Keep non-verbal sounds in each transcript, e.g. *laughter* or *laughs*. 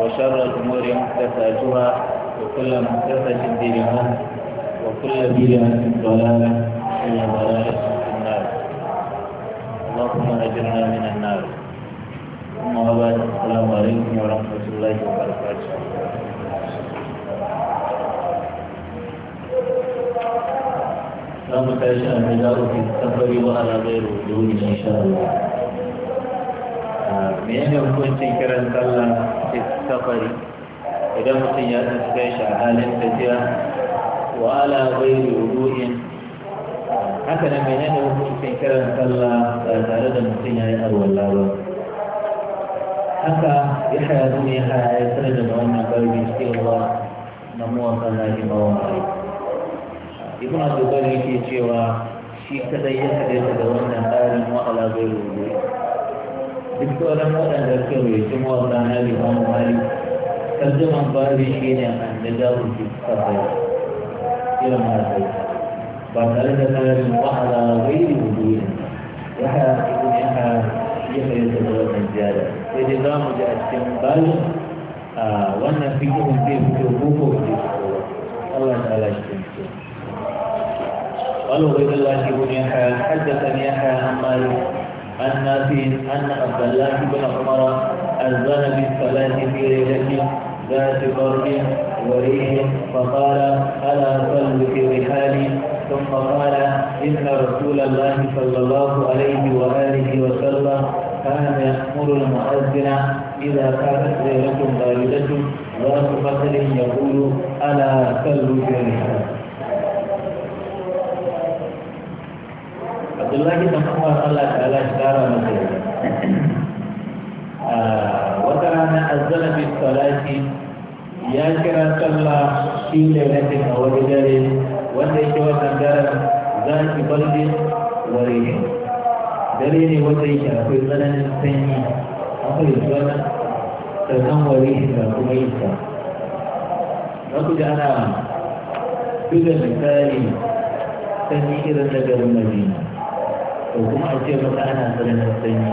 وشر الأمور محدثاتها وكل محدثة بدعة وكل بدعة ضلالة وكل ضلالة في النار اللهم أجرنا من النار أما بعد السلام عليكم ورحمة الله وبركاته لا متعشى الرجال في السفر وعلى غير وجود إن شاء الله menene hukuncin kiran sallah safari idan mutum ya san kai shi a halin tafiya wa ala ghairi wudu'in haka nan menene hukuncin kiran sallah ba tare da mutum ya yi arwalla ba haka ya haya zuwa ya haya ya sanar da wannan garbi cewa na mawakan lafi mawakai ibn abdulbar yake cewa shi kadai ya haɗe da wannan tsarin wa'ala ghairi wudu'in duk sauran waɗanda suka wuce mawasa na liman mali tarjuman babu shi ne an da jawo ke sarai irin masu ba tare da tsarin wa'ala gairi wudurin ya haya ibn ya haya ya haya ta da wannan ziyara sai dai za mu ji a cikin babu wannan fikirin zai fito koko zai fito Allah ta'ala shi ke fito قالوا غير الله بن يحيى حدثني يحيى عن مالك أن في أن عبد الله بن عمر أذن بالصلاة في ليلة ذات برد وريح فقال ألا صل في رحالي ثم قال إن رسول الله صلى الله عليه وآله وسلم كان يأمر المؤذن إذا كانت ليلة باردة ذات قتل يقول ألا صل في رحالي abdullahi dan umar allah ta'ala shi kara ah, wata rana azzala bi ya kira sallah shi ne lakin a wani dare wanda yake wannan daren za ki balde wari dare ne wanda yake akwai tsananin sanyi akwai tsananin sannan wari da kuma yin sa na ku ana duka misali sanyi irin na garin madina to kuma a ce maka ana tsananin sanyi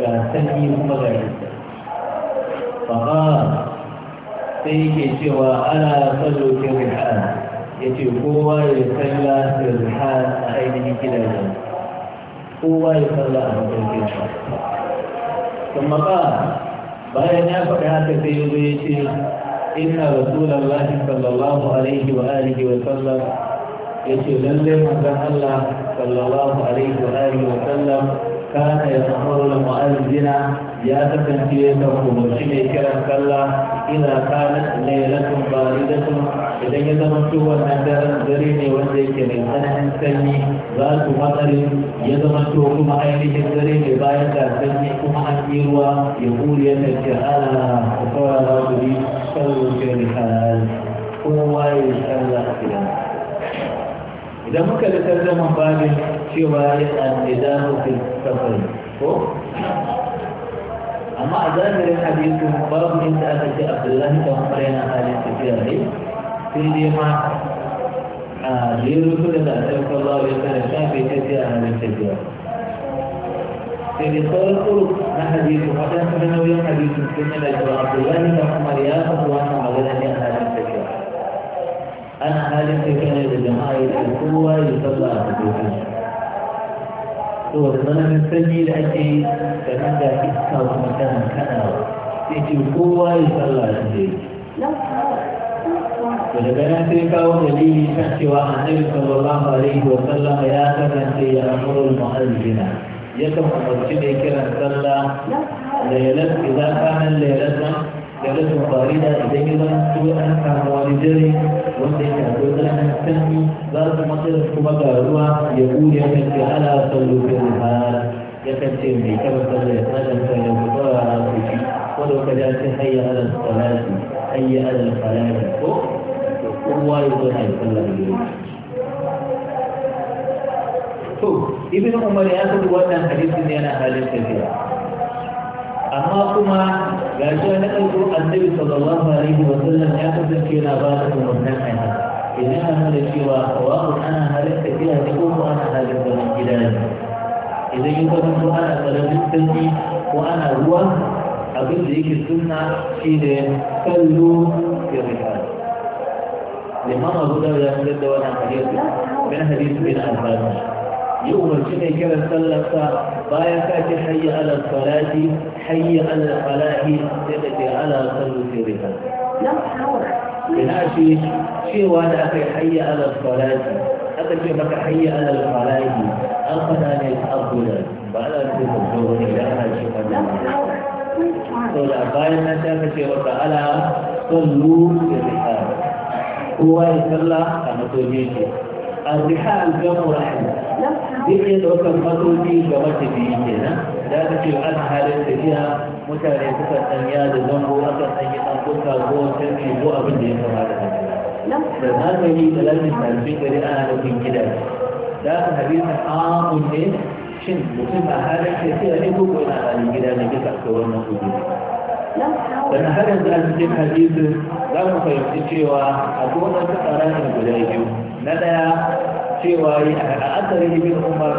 ga sanyi kuma ga yadda faɗa sai yake cewa ana tsaro ke rihal ya ce kowa ya tsalla da rihal a ainihin gidajen kowa ya tsalla a mafarkin sa kuma ba bayan ya faɗi haka sai ya zo ya ce inna rasulallahi sallallahu alaihi wa alihi wa sallam ya ce lallai manzon Allah صلى الله عليه وآله وسلم كان يتحرر المؤذن يا تكنتيك ومشي كلام كلا إذا كانت ليلة باردة إذا يزمت والنجر الزريني والذيك من انا سني ذات مطر يزمت كما عينه الزريني باية سني كما أكيروا يقول يتكى أنا أقول ربي صلوا في الحال قوة الله شاء الله إذا ممكن لتلزم باب في رواية الإذان في السفر أما أذان من الحديث باب من سألة عبد الله كمقرين أهل السفر في ديما آه، لرسول الله صلى الله عليه وسلم كان في كثير أهل السفر في الإصال الخلق نحديث وقد أنت من أولي الحديث من سنة عبد الله كمقرين أهل السفر أنا عالم في كان الجماعي القوة يصلى أبوكي هو من السني لأجي كمان ذا كتا ومكان كان يجي القوة يصلى أبوكي ولكن تلك دليل شخص النبي صلى الله عليه وسلم يا كمن يأمر المؤذن يكم امر أمرتني كرم صلى ليلة إذا كان الليلة كانت مقارنة إليهما سوء أنها والدين والذين أقول أنها تنمي بعض مصر كما قالوا يقول يمك على صلوا في الحال يكتم بي كما صلى آدم فيغفر على وجهي ولو كذلك حي على الصلاة حي على الفلاح هو يقول حي صلى الله To, Ibn Umar ya faɗi wannan hadisin yana halin tafiya. amma kuma ga shi na ɗauko annabi sallallahu alaihi wa sallam ya kasance yana ba da umarnin aiki idan ana da cewa sawa'u ana halitta gida ne ko ko ana halitta mai gida ne idan yi zama ko ana tsararin sanyi ko ana ruwa abin da yake sunna shi ne kallo ya rika limama abu da ya fitar da wannan hadisi bin hadisi bin alfani يوم الجنة كما سلفت باية تأتي حي على الصلاة حي على الصلاة تأتي على صلاة ربها لا حول إناشي شيء وانا أكي حي على الصلاة أكي بك حي على الصلاة أخذاني الأبدا بعد أن تكون جوهر إلى هذا الشيء باية تأتي وقت على صلاة ربها هو يسلح كما تجيشي الرحال جمع رحمه Duk iya ɗaukar matsoji ga ke nan da aka ce an halin tafiya mutane suka sanya da zango aka sanya an kuka ko sirri ko abin da ya kama da haka da zamani da lalmin tarifin gari ana nufin gida da aka hadisin amun ne shin mutum a halin tafiya ne ko kuma a halin gida ne bisa ga wannan da na har yanzu a cikin hadisin za mu fahimci cewa kowace tsara ne guda biyu na ɗaya cewa yi a asali ibn umar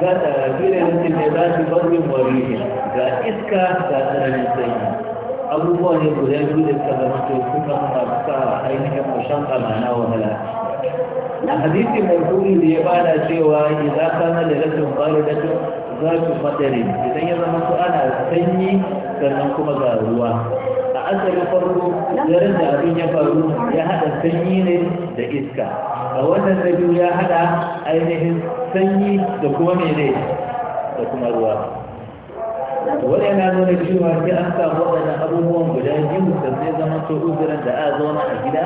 ga tsarafire mutum ne za su barin wariya ga iska ga tsananin sanyi abubuwa ne guda biyu da suka zama to suka sa ainihin mushan amana wahala na hadisi mai kuri da ya bada cewa idan kana da rashin bari da za su madare idan ya zama su ana sanyi sannan kuma ga ruwa asali farko daren da abin ya faru ya hada sanyi ne da iska a wannan da biyu ya hada ainihin sanyi da kuma mene da kuma ruwa wani yana nuna cewa sai an samu waɗannan abubuwan guda biyu da zai zama to uzurin da a zauna a gida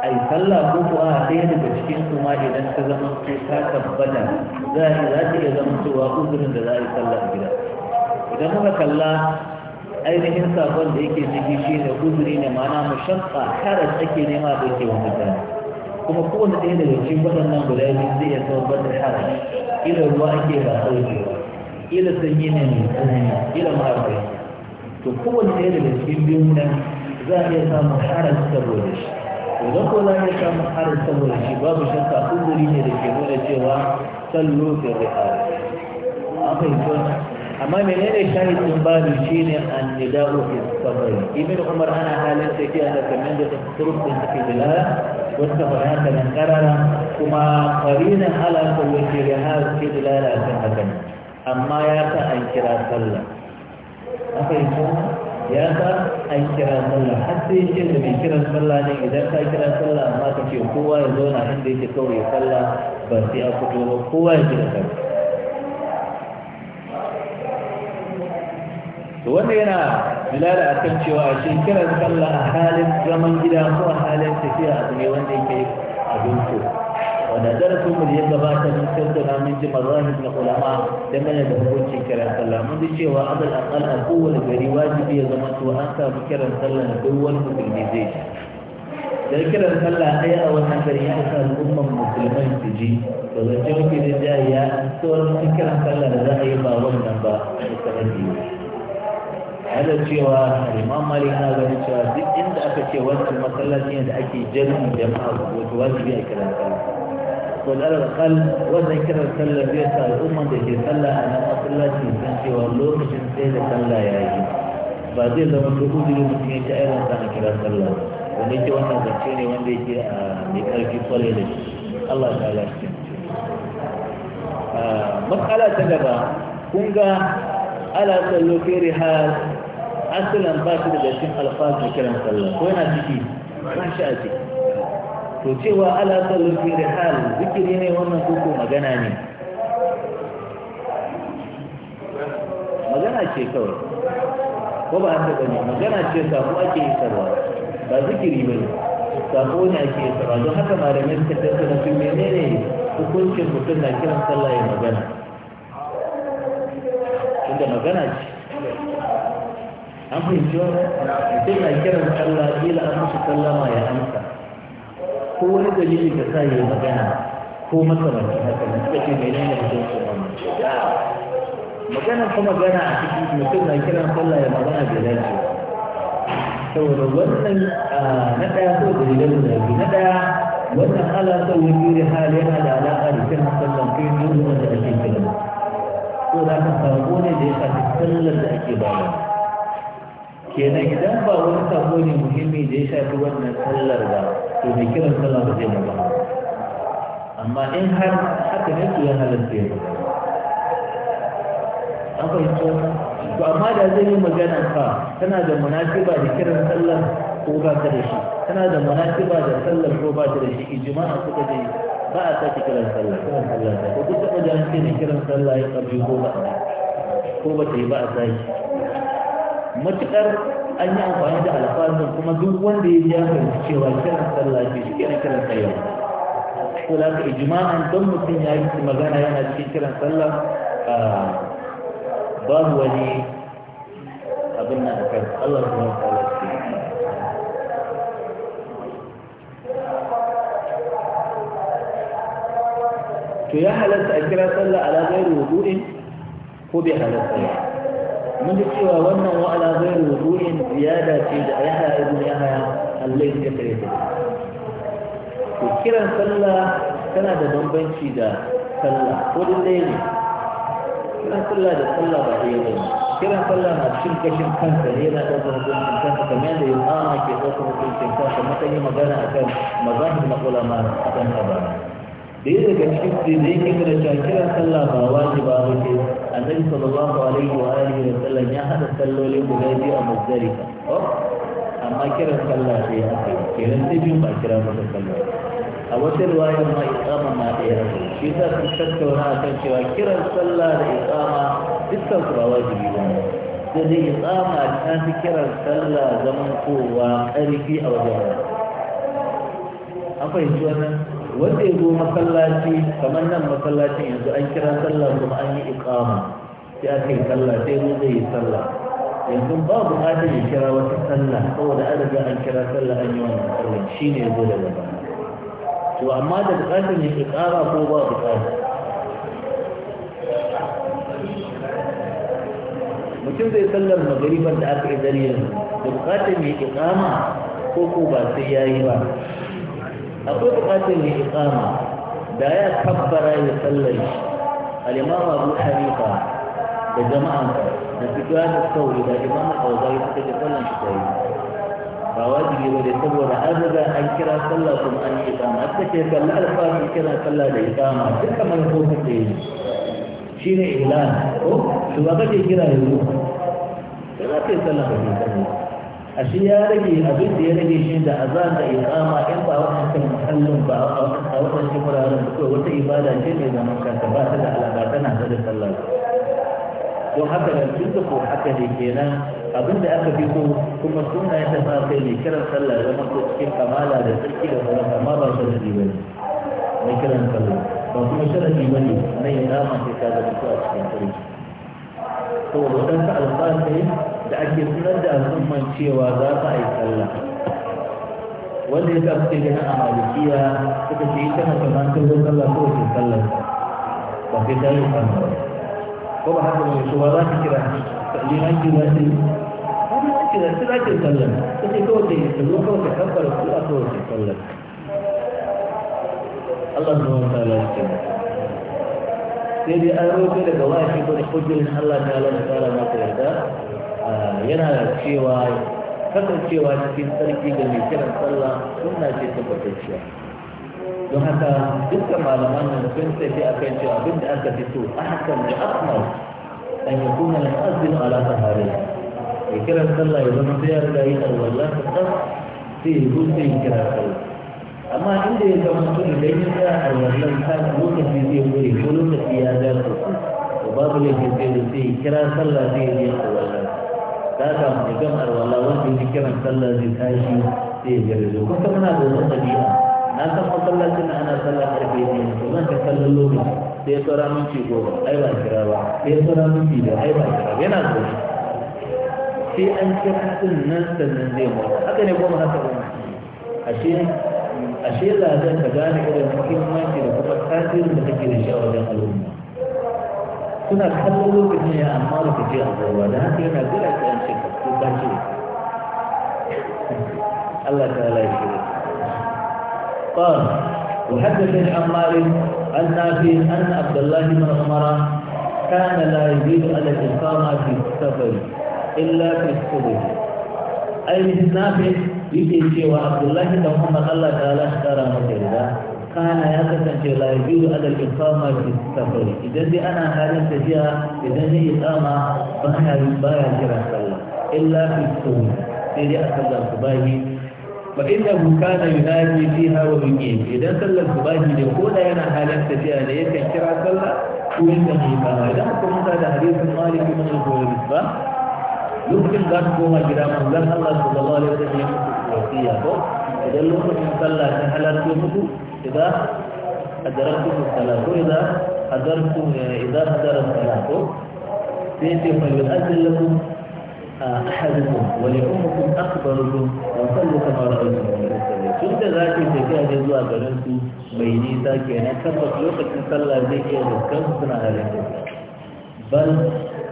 a yi sallah ko kuwa a ɗaya daga cikin kuma idan ta zama to ta tabbata za a iya zama cewa uzurin da za a yi sallah a gida idan muka kalla ainihin sakon da yake ciki shi ne uzuri ne mana mushamfa karas ake nema da yake wa mutane kuma kowane ɗaya daga cikin waɗannan guda biyu zai iya sababar da haras ila ruwa ake ba sauke ila sanyi ne mai tsanani ila mafi to kowane ɗaya daga cikin biyun nan za a iya samun haras saboda shi idan ko za a iya samun haras saboda shi babu shakka uzuri ne da ke nuna cewa sallo da ri'a a fahimtar amma menene shari tumbali shine an annida'u fi sabri ibn umar ana halin sai ke da kamar da turub din take dilala wata bayan nan karara kuma qarina ala kulli shay'in ke dilala kan haka amma ya ta an kira sallah akai ko ya ta an kira sallah har sai ke da mai kira sallah ne idan ka kira sallah amma kace kowa ya zo na inda yake kawai sallah ba sai a fito kowa ya kira sallah to wanda yana bilala a kan cewa a shi kiran sallah a halin zaman gida ko a halin tafiya abu ne wanda yake abin so wanda darasin mu ya gabata mun tattauna mun ji mazahib na ulama dangane da hukuncin kiran sallah mun ji cewa abul aqal a kowane gari wajibi ya zama to an samu kiran sallah da duk wani musulmi zai ji dan kiran sallah ɗaya a wannan gari ya sa al'ummar musulmai su ji to zan ce mafi da jariya sauran kiran sallah da za a yi ba wannan ba da sanadi yana cewa imam malik ana ganin cewa duk inda aka ce wancan masallaci ne da ake jami'in jama'a wato wajibi a kiran sallah ko da alƙal wannan kiran sallah zai sa al'umman da ke sallah a nan masallaci san cewa lokacin sai da sallah ya yi ba zai zama su uzuri mutum ya ci ayyukan sa a kiran sallah wanda yake wannan zance ne wanda yake a ah, mai ƙarfi kwarai da shi Allah ta lafiya. Ah, matsala ta gaba kun ga ala sallo fi har. asalan ba shi daga cikin alfazin kiran sallah ko yana ciki ba shi a ciki to cewa ala sallu fi rihal zikiri ne wannan koko magana ne magana ce kawai ko ba haka bane magana ce sako ake yi sarwa ba zikiri ba ne sako ne ake yi sarwa don haka malamai suka tattauna su menene hukuncin mutum na kiran sallah ya magana Inda magana ce an fahimci wani sai na kiran Allah ila an musu sallama ya amsa ko wani dalili ka sa ya magana ko makamanci haka ne suka ce mai nuna mutum ko mamu magana ko magana a cikin mutum na kiran sallah ya magana da dace saboda wannan na ɗaya ko da dalilan da biyu na ɗaya wannan ala sauyin yuri hali yana da alaƙa da kiran sallah ko yin wanda ake kiran ko da ka samu ne da ya shafi sallar da ake bayarwa kenan idan ba wani sabo ne muhimmi da ya shafi wannan sallar ba to mai kiran sallah ba zai magana amma in har haka ne su ya halatta ba magana an fahimta to amma da zai yi magana fa tana da munasiba da kiran sallar ko ba ta da shi tana da munasiba da sallar ko ba ta da shi ijma'a suka ce ba a sake kiran sallar kiran sallah ta ko da an ce ne kiran sallar ya kabi ko ba ta yi ba a sake matuƙar an yi amfani da alfazin kuma duk wanda ya ja fahimci cewa kiran sallah shi kenan kiran kayan ko da ka ijma'an don mutum ya yi magana yana cikin kiran sallah babu wani abin na akan Allah subhanahu wa ta'ala to ya halatta a kira sallah ala gairi wudu'in ko bai halatta ya mun cewa wannan wa'ala zai rubu'in ziyada ce da yahya ibn yahya allai ya kare ta to kiran sallah tana da bambanci da sallah ko dai ɗaya ne kiran sallah da sallah ba ɗaya ba ne kiran sallah na cikin kashin kansa ne yana ɗaukar hukuncin kansa kamar yadda yin ana ke ɗaukar hukuncin kansa mata yi magana akan mazahir na ulama akan abana ɗaya daga cikin zai kika da shakira sallah ba wani ba ba ce annabi sallallahu alaihi wa alihi wa sallam ya hada sallolin guda biyu a muzdalifa amma kiran sallah sai aka yi kiran sai biyu ba kira masa sallah a wata riwaya ma iqama ma ɗaya aka yi shi za su tattauna a kan cewa kiran sallah da iqama dukkan su ba wajibi ba ne sai dai iqama ta fi kiran sallah zaman kowa ƙarfi a wajen an fahimci wannan wanda ya zo masallaci kamar nan masallacin yanzu an kira sallah kuma an yi iqama sai aka yi sallah sai mu zai yi sallah yanzu ba buƙatar ya kira wata sallah saboda an riga an kira sallah an yi wannan sallah shine ya zo da gaba to amma da buƙatar ya iqama ko ba buƙata mutum zai sallar magariban da aka yi dare yanzu da buƙatar ya iqama ko ko ba sai yayi ba أطلقة الإقامة دايا كبرة يصلي الإمام أبو حنيفة بجماعة نسيت هذا الصوت إذا الإمام أو ضايق تتصلى شيء فواجب يقول يصبر أبدا أن كرا صلاكم أن إقامة أتكيف لا الفاظ أن كرا صلى الإقامة تلك ملفوفة شيء إعلان شو بقى كرا يقول ثلاثة صلاة أن الإقامة shi ya rage abin da ya rage shi da azan da iqama in ba wannan kan muhallin ba a wata shi wuraren da wata ibada ce mai zaman kanta ba ta da alaka tana da sallah to haka da da ko haka ne kenan abin da aka biyo kuma sunna ya tafi kai ne kiran sallah zama ko cikin kamala da tsarki da kuma amma ba shi da ne mai kiran sallah ba kuma sharadi ne na iqama sai ta da ko a cikin sarki to alfa ne da ake sanar da al'umman cewa za ka yi sallah wanda ya sa suke gani a malikiya suka ce ita na kamar ta zo sallah ko wace sallah ba sai ta yi sallah ko ba haka mai shuwa za ka kira liman kira shi wani ma kira shi za ka yi sallah ta ce kawai ta zo kawai ta kabbar su a kowace sallah Allah subhanahu wa ta'ala ya ce sai dai an roƙe daga washi ko da hujjin Allah ta Allah ta masa yarda yana cewa kasancewa cikin sarki da mai kiran sallah sunna ce tabbatacciya don haka dukkan malaman nan sun tafi a kan cewa abin da aka fito a hakan da asmar an yi kuma na azin ala sahari mai kiran sallah ya zama sai ya riga yi alwallah ta tsar sai ya zo sai ya kira sallah amma inda ya zama mutum da yin ya tsaya alwallah ta lokaci zai wuri ko lokaci ya dace to babu laifin sai da sai ya kira sallah sai ya yi alwallah haka mai gamar wala wanda ya kiran sallah zai tashi sai ya garzo kun san muna da wata ɗabi'a na san masallacin ana sallah karfe ne to zan ta kallon lokaci sai ya tsara minti goma ai ba kira ba sai ya tsara minti da ai ba kira ba yana zo sai an kira sun nan sannan zai mota haka ne goma haka ba ashe ashe ladan ka gane irin muhimmanci da kuma tasirin da kake da shi a wajen al'umma suna kallon lokacin ya amma ba ka ce abubuwa da haka yana gura ka yanci kashi الله تعالى يشهد قال وحدثني عن مالك عن نافع ان عبد الله بن عمر كان لا يزيد على الاقامه في السفر الا في الصبح اي نافع yake cewa abdullahi da muhammad allah ta'ala shi kara masa kana ya kasance la yajuzu adal iqama fi safari idan dai ana halin tafiya idan yi tsama ba ya baya kira إلا في الصوم إذا أصلى الصباح فإنه كان ينادي فيها ويقيم إذا صلى الصباح يقول أنا حالك فيها ليك كرا صلى ويقيم إذا أصلى هذا حديث مالك من الكويبة يمكن ذلك هو جرام الله صلى الله عليه وسلم وصية إذا لم يصلى تهلا تموت إذا أدركتم الصلاة إذا حضرتم إذا حضر الصلاة سيتم فليؤذن لكم أحدكم ولأمكم أكبركم وصلوا كما رأيتم tun da za ka tafiya ne zuwa garin su mai nisa kenan tabbas lokacin sallah zai iya dukkan suna halin tafiya bal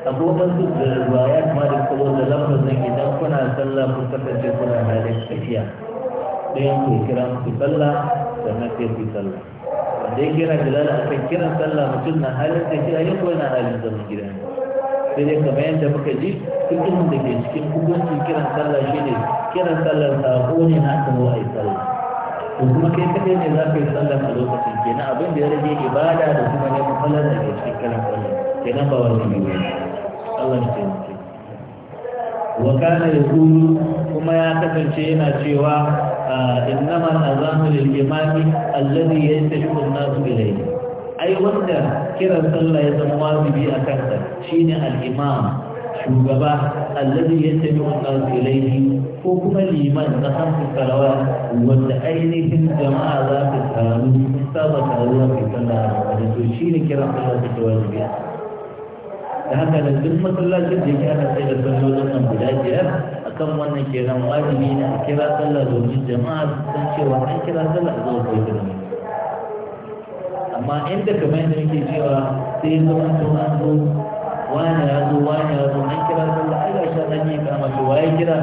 abokan su da ruwaya kuma da kawo da lafazin idan kuna sallah kun kasance kuna halin tafiya ɗayan ku kira ku sallah sannan sai ku sallah wanda ya kira bilal a kiran sallah mutum na halin tafiya na halin gida sai dai kamar yadda muka ji fikihin da ke cikin hukuncin kiran sallah shi ne kiran sallar sako ne na aka zo a yi sallah to kuma kai kaɗai ne za ka yi sallah a lokacin kenan abin da ya rage ibada da kuma neman sallar da ke cikin kiran sallah kenan ba wani ne wani Allah ne taimake wa kana yaqulu kuma ya kasance yana cewa innama al-azamu lil-imami alladhi yastashiqu an-nasu ilayhi ai wanda kiran sallah ya zama wajibi a kansa شين الإمام شوغبا الذي يتبع الناس إليه حكم الإيمان تخص الصلوات وتأينه الجماعة ذات السلام مستوى الله في صلى الله عليه وسلم شين كرام الله في جوازبه لهذا الدمة الله جد كان سيد الصلوات من بلاجها أكم وانا كرام واجبين كرام الله دون الجماعة تنشي وانا كرام الله دون الجماعة أما عندك ما يمكن يجيوها سيد الله wani ya zo wani ya zo an kira sallah ai gashi an yi kama to waye kira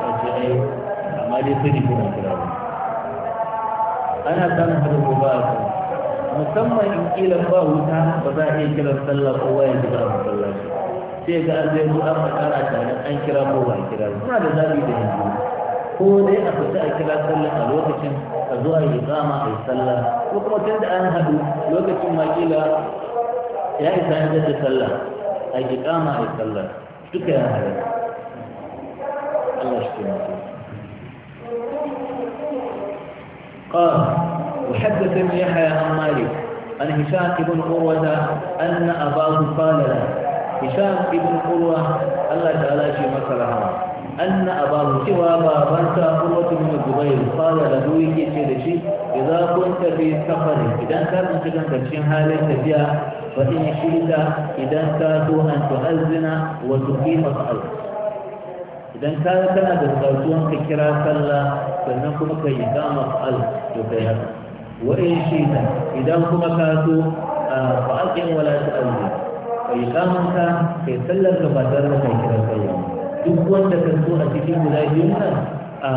ta ce ai amma dai sai ne kuma kira ba ana samun hada ko ba a musamman in kila ba wuta ba za a iya kira sallah ko waye kira masallaci sai ga an zai zo an makara tare an kira ko ba kira suna da zaɓi da yanzu ko dai a fita a kira sallah a lokacin a zuwa yi zama a yi sallah ko kuma tun da an haɗu lokacin ma kila ya isa an da sallah a yi kama a sallah duka ya halatta Allah shi taimake قال وحدثني يحيى عن مالك عن هشام بن عروة أن أباه قال له هشام بن عروة الله تعالى شي مثلها أن أباه سوى بابنك عروة بن الزبير قال له يجي إذا كنت في سفر إذا كنت كنت في حالة تبيع فإن شئت إذا كادوا أن تؤذن وتقيم الصلاة إذا كان كان بالغزوان ككرا صلى فإنكم كيقام الصلاة وكيقام وإن شئت إذا كما كادوا فأقم ولا تؤذن فإقامك كي صلى فبدر كيكرا صلى duk wanda ka so a cikin guda biyun nan a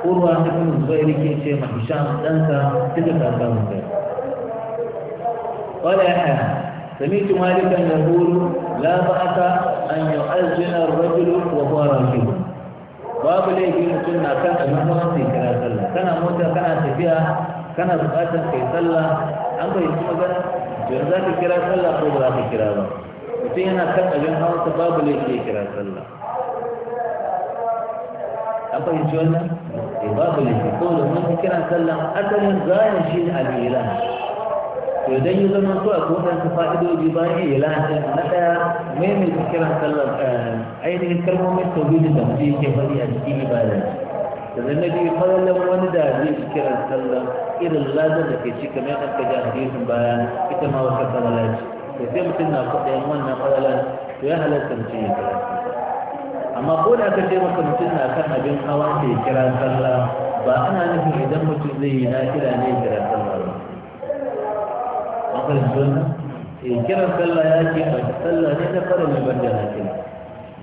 kurwa cikin zubairi ke ce mahishan ɗansa cikin kasa mun kai ولا أهل سميت مالكا يقول لا بأس أن يؤذن الرجل وهو راجل باب ليه كنا كنا كنا موتا كنا صلى كنا موتا كنا سفيا كنا زقاتا كي صلى أنت يسمى كنا جنزا في كرا صلى قبرا في كرا صلى وتينا كنا جنها وتباب ليه كي كرا صلى أنت يسمى كنا باب ليه كي كرا صلى أتنى زاين شيء الإله to idan ya zama to akwai waɗansu fa'idoji bayan ya lanta na ɗaya maimaita kiran sallar ainihin kalmomin tauhidi da mutum yake faɗi a cikin ibada sannan na biyu falalan wani da zai fi kiran sallar irin lazar da ke ci kamar yadda ka ji hadisin baya ita ma wata falala ce to sai mutum na kwaɗayin wannan falalan to ya halatta mutum ya kira amma ko da aka ce maka mutum na kan abin hawa ne ya kira sallah ba ana nufin idan mutum zai yi na kira ne ya kira sallah fahimci wannan eh, kiran sallah ya ce ba sallah ne na fara mai banda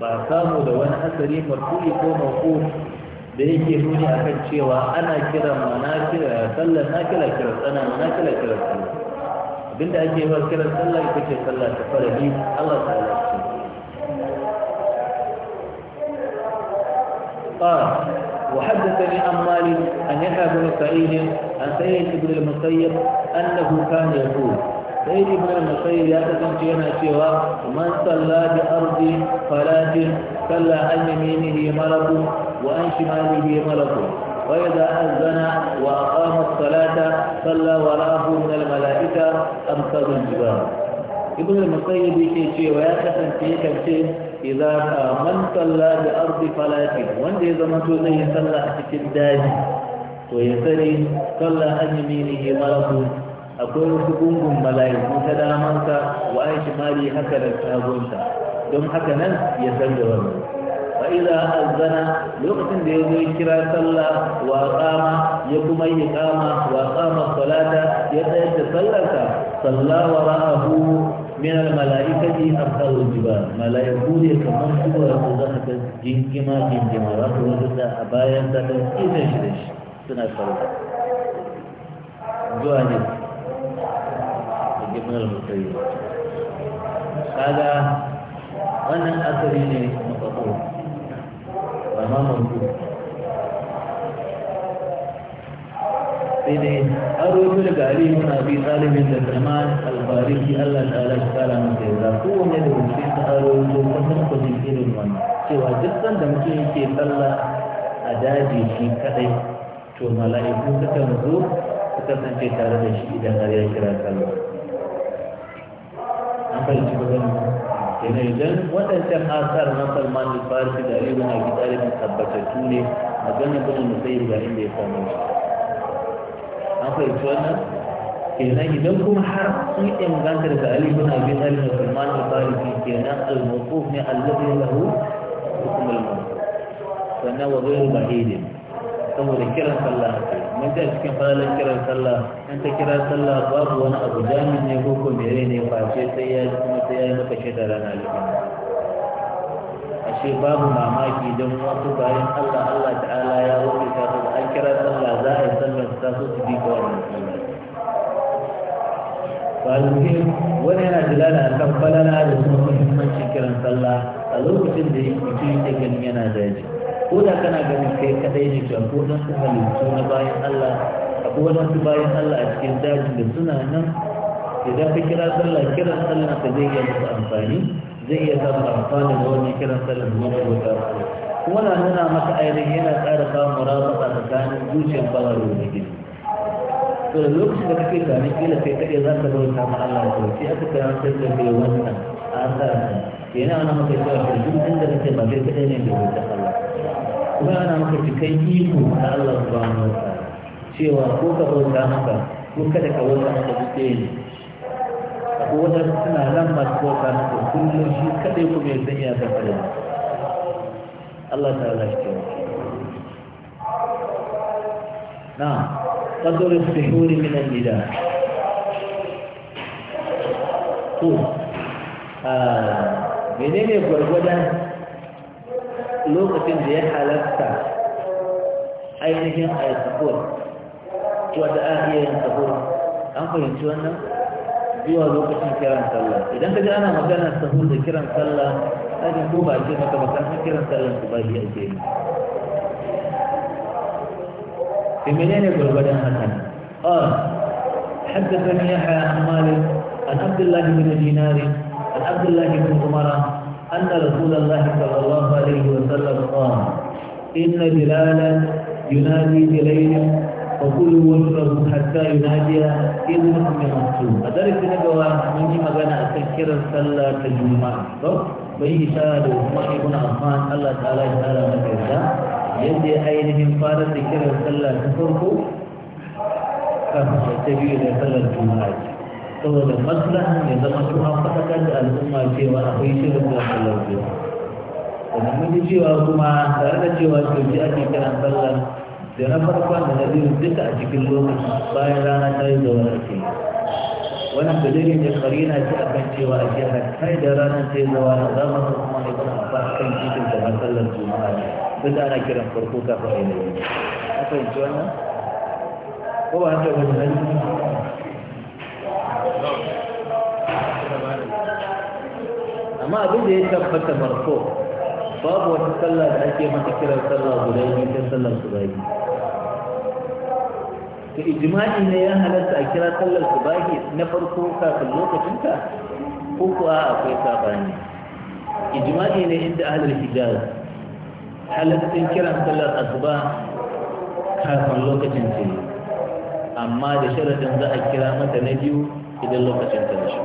ba a samu da wani asali marfuli ko mako da yake nuni akan cewa ana kiran manakira sallar nakila kiran sana manakila kiran sallah abinda ake yi kiran sallah ita ce sallah ta fara Allah وحدثني عن مالك أن يحيى بن سعيد عن سيد بن المسيب أنه كان يقول سيد بن المسيب يأتكم أنا سوى من صلى بأرض صلاة صلى عن يمينه ملك وعن شماله ملك وإذا أذن وأقام الصلاة صلى وراءه من الملائكة أمثال الجبال ابن المسيب يقول ويأتكم فيك Iza man salla da ardi falatin wanda ya zama to zai salla a cikin daji to ya sani salla an yaminihi malaku akwai wasu gungun mala'iku ta damansa wa an shimali haka da tagonsa don haka nan ya san da wannan fa idza azana lokacin da ya zo kira salla wa kama ya kuma yi kama wa kama salata ya tsaya da sallarsa salla wa ra'ahu من الملائكة أفضل الجبال ملائكة كمان سوى رمضان جنكما جنكما رأى وجد أبايا تدر إذا شدش سنة صلى جواني جبنا المسيح هذا أنا أتريني مقطوع وما مرفوض سيدي أروي لك علي بن أبي طالب الزكرمان الفارسي الله تعالى شكرا من سيدا هو من الوشيط أروي لك قدر إلى المن سوى جدا دمكي كي صلى أداجي شي كأي تو ملائكو تكمزو تكسن كي تعالى شي إذا غير شراء صلى أما يجبون yana idan waɗancan asar na salman al-farisi da ali bin abi talib tabbatattu ne magana bin musayyib ga inda ya samu shi Akwai fahimci wannan kenan idan kuma har sun iya daga da alifin abin talib da salman al-farisi kenan al-mawquf ne allazi lahu hukm al-mawquf sannan wa ghayru bahidin saboda kiran sallah mun ta cikin falalar kiran sallah in ta kira sallah babu wani abu jami'in ne ko kuma mere ne face sai ya ji kuma sai ya yi maka shaida ranar litinin ashe babu mamaki don wasu bayan allah allah ta'ala ya wuce ta an kira sallah za a yi sallar ta so su bi da wannan sallar kwanaki wani yana jilala a kan falala da kuma muhimmancin kiran sallah a lokacin da mutum ya ganin yana daji ko da kana ganin kai kadai ne to ko don su halittu na bayan Allah don su bayan Allah a cikin dajin da suna nan idan ka kira sallah kiran sallah ka zai iya musu amfani zai iya samun amfani da wani kiran sallah da wani abokan Allah kuma na nuna maka ainihin yana tsara samun murabata tsakanin zuciyar bangare da gini to da lokacin da kake gani kila kai kaɗai za ka bauta ma Allah ko sai aka karantar da kai wannan asar yana nuna maka cewa duk inda ce ba zai kaɗai ne da wata Allah kuma yana maka cikai iko na Allah subhanahu wa ta'ala cewa ko ka bauta maka ko kada ka bauta maka duk ne ko da suna ran masu bauta maka kullum shi kadai ku mai sanya ka fara Allah ta'ala shi taimake na qadr as-suhuri gida. an-nida mene menene gwargwadon lokacin da ya halatta ainihin ayatukur wadda a iya yin sahur an fahimci wannan zuwa lokacin kiran sallah idan ka ji ana magana sahur da kiran sallah kaga ko ba ce maka maka san kiran sallan ku bai ake yi في منين يقول بدن حسن قال حدثني يحيى عن مالك عن عبد الله بن دينار عن عبد الله بن عمر أن رسول الله صلى الله عليه وسلم قال إن بلالا ينادي بليل فكلوا واشربوا حتى ينادي إذنكم من رسول أدرك نجوى مني مغانا أتذكر صلى الجمعة bai isa da kuma ibn Affan Allah ta'ala ya tsara maka yarda yadda ainihin fara da kiran sallah ta farko kafin ta biyu da sallar juma'a saboda maslahan ya zama su an faɗakar da al'umma cewa akwai shirin da sallar juma'a sannan mun ji cewa kuma tare da cewa sau ake kiran sallar da na farkon da na biyu duka a cikin lokaci bayan rana ta yi zaune ake wannan dalilin da karina ce a kan cewa a ke kai da rana ta yi zawa na zama su kuma ne kuma a ba cikin da matsalar juma'a ne duk ana kiran farko kafin a yi da yi a fahimci wannan ko ba haka wani nan amma abin da ya tabbata farko babu wata sallah da ake mata kiran sallah guda biyu ta sallar su zagi da ijma'i ne ya halatta a kira sallar subahi na farko kafin lokacinta ko kuwa akwai sabani ijma'i ne inda ahlul hijaz halattun kiran sallar asuba kafin lokacin ce amma da sharadin za a kira mata na biyu idan lokacin ta shi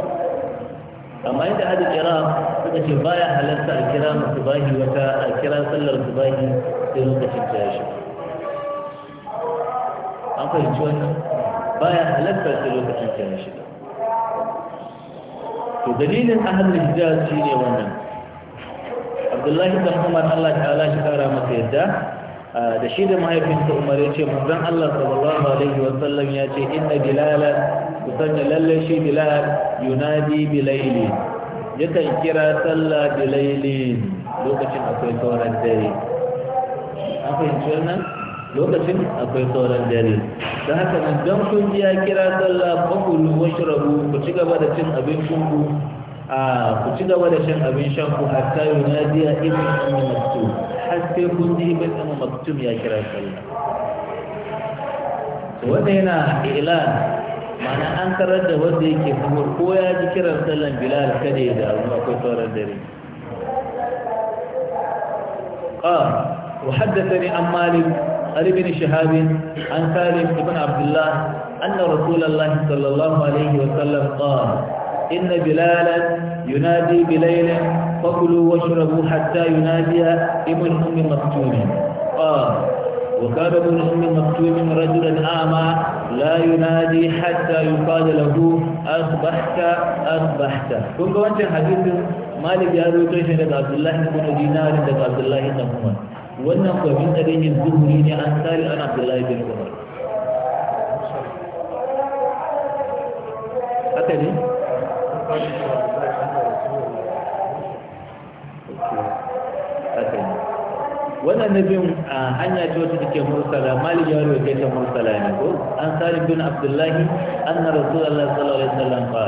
amma inda hada kira suka ce baya halatta a kira musubahi wata a kira sallar subahi sai lokacin ta shi an fahimci wannan baya halatta sai lokacin ta ya shiga to dalilin ahlul hijaz shine wannan Abdullahi dan Umar Allah ta'ala shi kara masa yadda da shi da mahaifinsa Umar ya ce manzon Allah sallallahu alaihi wa sallam ya ce inna bilala kusanna lalle shi bilal yunadi bilaili yakan kira sallah bilaili lokacin akwai sauran dare an fahimci wannan lokacin akwai sauran dare da haka nan don kun ji ya kira sallah fakulu rabu, ku ci gaba da cin abin ku a ku ci gaba da cin abin shan ku na yunadiya ibn ummu maktum har sai kun ji ibn ummu maktum ya kira sallah to wanda yana ilan ma'ana an karar da wanda yake sahur ko ya ji kiran sallan bilal kada da abu akwai sauran dare قال وحدثني عن مالك علي بن شهاب عن سالم بن عبد الله أن رسول الله صلى الله عليه وسلم قال إن بلالا ينادي بليل فكلوا واشربوا حتى ينادي ابن أم مكتوم قال وكان ابن أم مكتوم رجلا أعمى لا ينادي حتى يقال له أصبحت أصبحت كنت أنت حديث مالك يا رجل عند عبد الله بن دينار عند عبد الله بن عمر wannan kwamin yin zuhuri ne an tsari an abdullahi bin umar haka ne haka ne wannan na biyun a hanya ce wata take mursala malik ya rubuta ta mursala ne ko an tsari bin abdullahi an anna rasulullahi sallallahu alaihi wasallam ba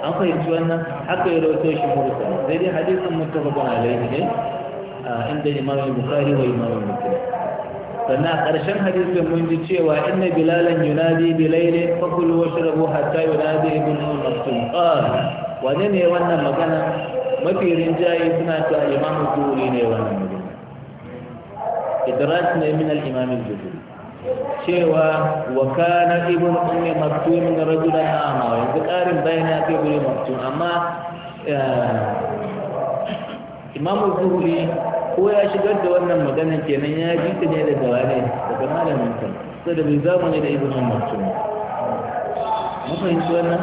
an fahimci wannan haka ya rawaito shi mursala sai dai hadisin muttafaqun alaihi ne عند الإمام البخاري وإمام المسلم فنا قرشان حديث منجدشي وإن بلالا ينادي بليل فكل وشربوا حتى ينادي ابن المسلم قال ونن يوانا مكانا ما في رنجاي سنعك إمام الجولين يوانا مكانا إدراسنا من الإمام الجولين شيوا وكان ابن أم مكتوم رجلا أعمى وذكار بينات ابن مكتوم أما آه، إمام الزهري ko ya shigar da wannan maganar kenan ya ji ta ne da zaware daga malamin ta sai da bai zamu ne da izinin mutum mun fahimci wannan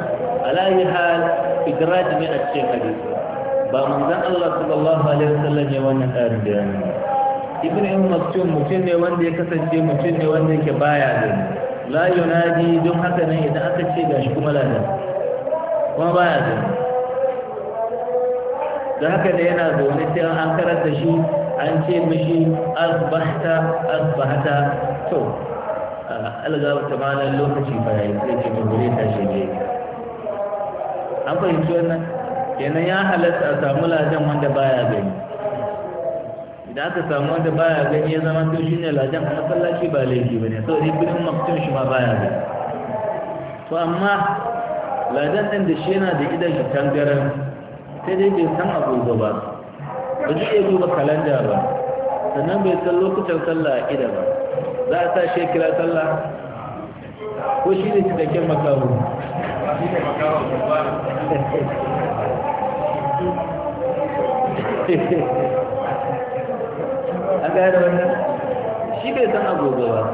alayi hal idraj ne a cikin hadisi ba manzon Allah sallallahu alaihi wasallam ya wannan ƙarin bayani ibn ibn maktum mutum ne wanda ya kasance mutum ne wanda yake baya gani la yunadi don haka ne idan aka ce gashi kuma ladan kuma baya gani da haka da yana zaune sai an karanta shi an ce mishi asbahta asbahta to algaba ta mana lokaci ba ya yi sai ce gure ta shi ne an fahimci wannan kenan ya halatta a samu ladan wanda baya gani idan aka samu wanda baya gani ya zama to shine ladan a masallaci ba laifi bane saboda ibn maktum shi ma baya gani to amma ladan din da shi yana da idan shi tangaran sai dai bai san agogo ba ba zai iya duba kalanda ba sannan bai san lokutan sallah a ƙida ba za a sa shi kira sallah ko shi ne cikakken makaru *laughs* a gane wannan shi bai san agogo ba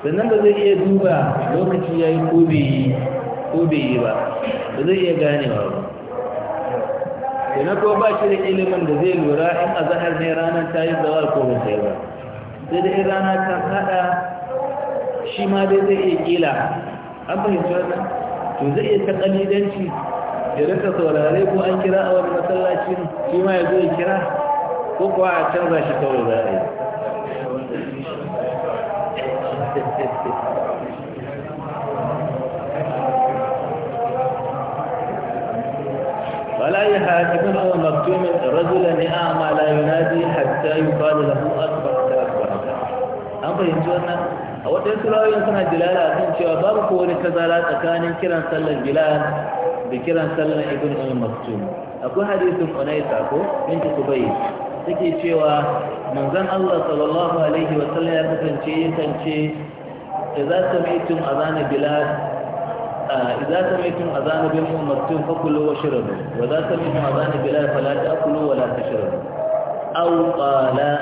sannan ba zai iya duba lokaci ya yi ko bai yi ba ba zai iya ganewa ba na ko ba shi da ilimin da zai lura in a zahar ne ranar ta yi zawar ko ba sai ba sai da rana ta kada shi ma dai zai iya kila an fahimci wannan to zai iya ta kalidanci ya rika saurare ko an kira a wani masallaci shi ma ya zo ya kira ko kuwa a canza shi kawai za أو مكتوم رجلا أعمى لا ينادي حتى يقال له أكبرت أكبرت an fahimci wannan a waɗansu rayoyin suna dilala kan cewa babu ko wani tazara tsakanin kiran sallan bilal da kiran sallan ibn al-maktum akwai hadisin unaisa ko binti kubayy take cewa manzon Allah sallallahu alaihi wa sallam ya kasance إذا سمعتم أذان بن مكتوم فكلوا واشربوا وإذا سمعتم أذان بلال فلا تأكلوا ولا تشربوا أو قال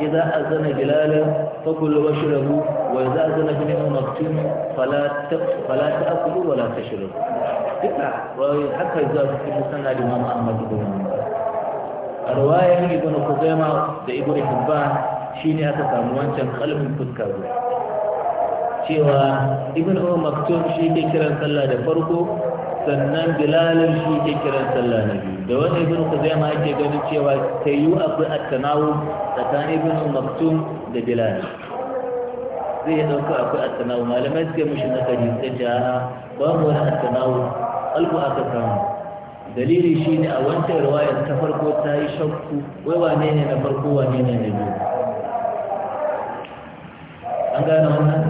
إذا أذن بلال فكلوا واشربوا وإذا أذن بن مكتوم فلا فلا تأكلوا ولا تشربوا حتى وحتى إذا في مسنة الإمام أحمد بن من ابن خزيمة ده ابن حبان شيني أتساموان كان خلف الفتكة cewa ibn umar maktum shi ke kiran sallah da farko sannan bilalin shi ke kiran sallah na biyu da wani ibn kuzaima yake ganin cewa ta yi abu a tanawu tsakanin ibn maktum da bilalin zai ya ɗauka akwai a tanawu malamai suke mushi na kari ta jaha, a babu wani a tanawu albu aka samu dalili shi ne a wancan ruwayar ta farko ta yi shakku wai wane ne na farko wane ne na biyu an gane wannan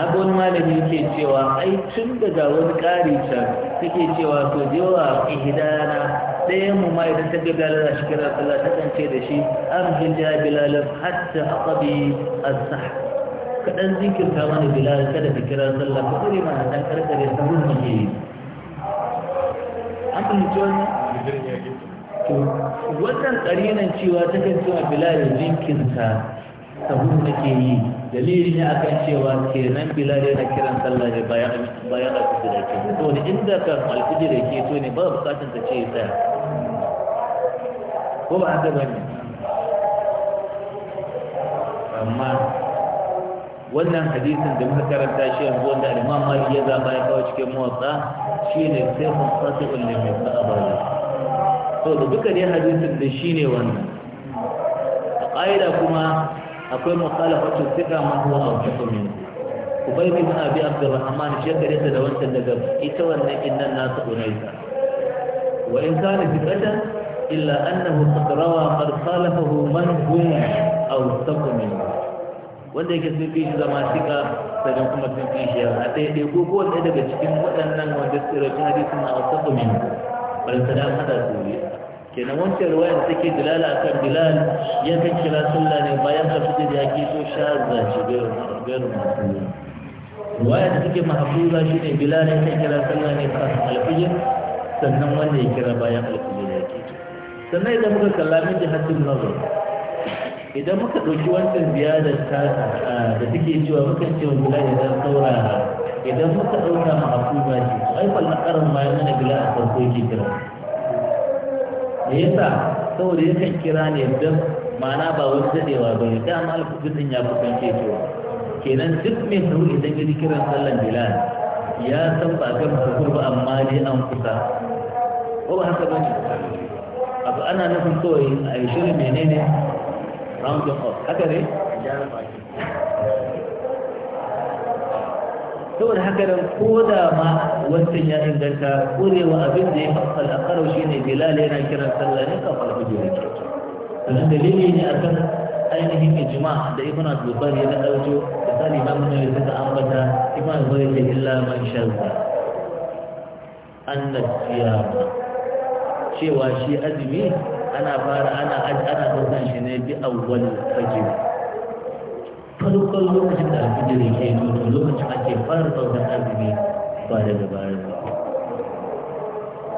na malami ke cewa ai tun daga wani ƙari can take cewa to jewa ihdana ɗayan mu ma idan ta ga galar shi kira sallah ta kance da shi an hilja bilalan hatta aqabi as-sah kaɗan zikirta mana bilal kada ta kira sallah ko dai ma dan karkare ta mun ke an fahimci to wannan ƙarinan cewa ta kan cewa bilal jinkirta sahu ke yi dalili ne akan cewa ke nan bilal yana kiran sallah ne bayan bayan alfijir da ke to ne inda kan alfijir da ke to ne ba bukatun ta ce ta ko ba haka bane amma wannan hadisin da muka karanta shi yanzu wanda Imam Malik ya zaba ya kawo cikin motsa ne sai mustaqil ne mai sa'aba to da duka ne hadisin da shine wannan ƙa'ida kuma akwai mukhalafatu thiqa ma huwa awjaqu min ubay bin abi abdurrahman shekare ta da wancan daga ita wannan innan nasu unaisa wa in kana thiqatan illa annahu qad rawa qad khalafahu man hum awsaqu min wanda yake sun fi shi zama shiga sannan kuma sun fi shi a ɗaya dai ko kowanne daga cikin waɗannan wanda tsirrai hadisin na awsaqu min bal sadan hada su biyu kenan wancan ruwayar take dilala akan bilal ya kan kira sunna ne bayan ka fice da yake so shazza shi gairu masu ruwaya da take za shi ne bilal ya kan kira sunna ne fa alfijir sannan wanda ya kira bayan alfijir ya ke sannan idan muka kallamin jihadin nazar idan muka ɗauki wancan ziyadar ta da take cewa muka ce wa bilal ya dan saura idan muka ɗauka mahfuza shi ai fallakaran ma yana da bilal a farko ke kira me yasa saboda kan kira ne don mana ba wani dadewa ba ne da alfajir din ya kusan cewa kenan duk mai sauri idan ya kira kiran sallan bilal ya san ba kan sahur ba amma ne an kusa ko ba haka bane abu ana nufin kawai a yi shirin menene round of haka ne saboda haka nan ko da ma wancan ya inganta kurewa abin da ya fassal a karo shi ne bilal yana kiran sallah ne kafin alfajir yake dalili ne a kan ainihin ijma da ibn abdulbar ya dauko da sani imam ne suka ambata ibn abdulbar ya illa man shazza annas siyama cewa shi azumi ana fara ana ana daukan shi ne bi awwal fajr farkon lokacin da alfijir ya yi to lokacin ake fara saukar azumi ba daga baya ba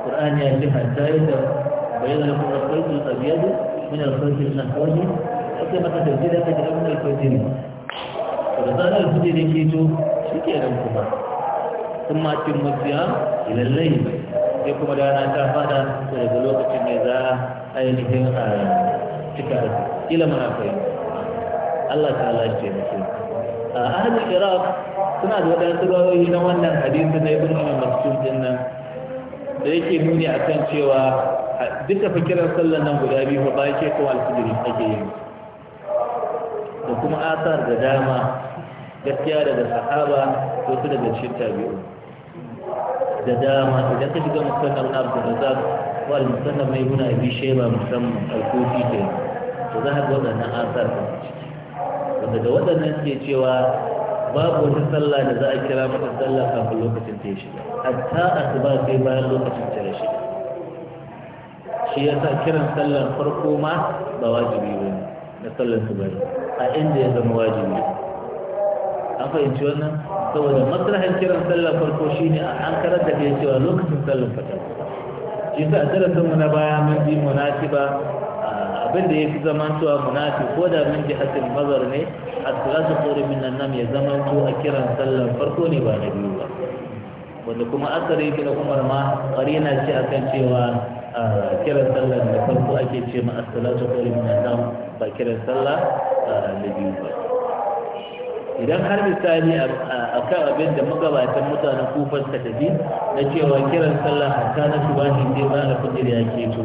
Qur'ani ya ce hatta yadda bayan da kuma farkon abiyadu min na kawai ake masa tafsir aka ji abin alfarkon to da zarar alfijir ya ke to shi ke nan kuma sun ma cin mafiya ilallai ya kuma da rana ta fada daga lokacin ne za a ainihin a cika ila mana fahimta Allah ta'ala ya taimake a ahlul iraq suna da wadansu rayoyi na wannan hadisi na ibn mas'ud din nan da yake nuni akan cewa duka fikirar sallar nan guda biyu ba yake ko alfijiri ake yi da kuma asar da dama gaskiya daga sahaba wasu daga cikin tabi'u da dama idan ka shiga musamman na abu abdulrazak ko al-musamman mai guna abi sheba musamman alkofi ke to za ka ga waɗannan asar da ciki wanda da waɗannan ke cewa babu wani sallah da za a kira mata sallah kafin lokacin ta shiga hatta asuba sai bayan lokacin ta shiga shi ya sa kiran sallar farko ma ba wajibi ba ne na sallar su bari a inda ya zama wajibi an fahimci wannan saboda maslahan kiran sallar farko shi ne an karar da ke cewa lokacin sallar fatar shi sa a darasin mu na baya mun ji munasiba abin da ya fi cewa munafi ko da min hasin mazar ne a tsirasa tsori min nan ya zama zamanto a kiran sallar farko ne ba na biyu ba wanda kuma asali bin umar ma na ce kan cewa kiran sallar da farko ake ce ma a salatu tsori min nam ba kiran sallah da biyu ba idan har misali a kan abin da magabatan mutanen kufar ta tafi na cewa kiran sallah hatta na subahi ne ba na fajr ya ke to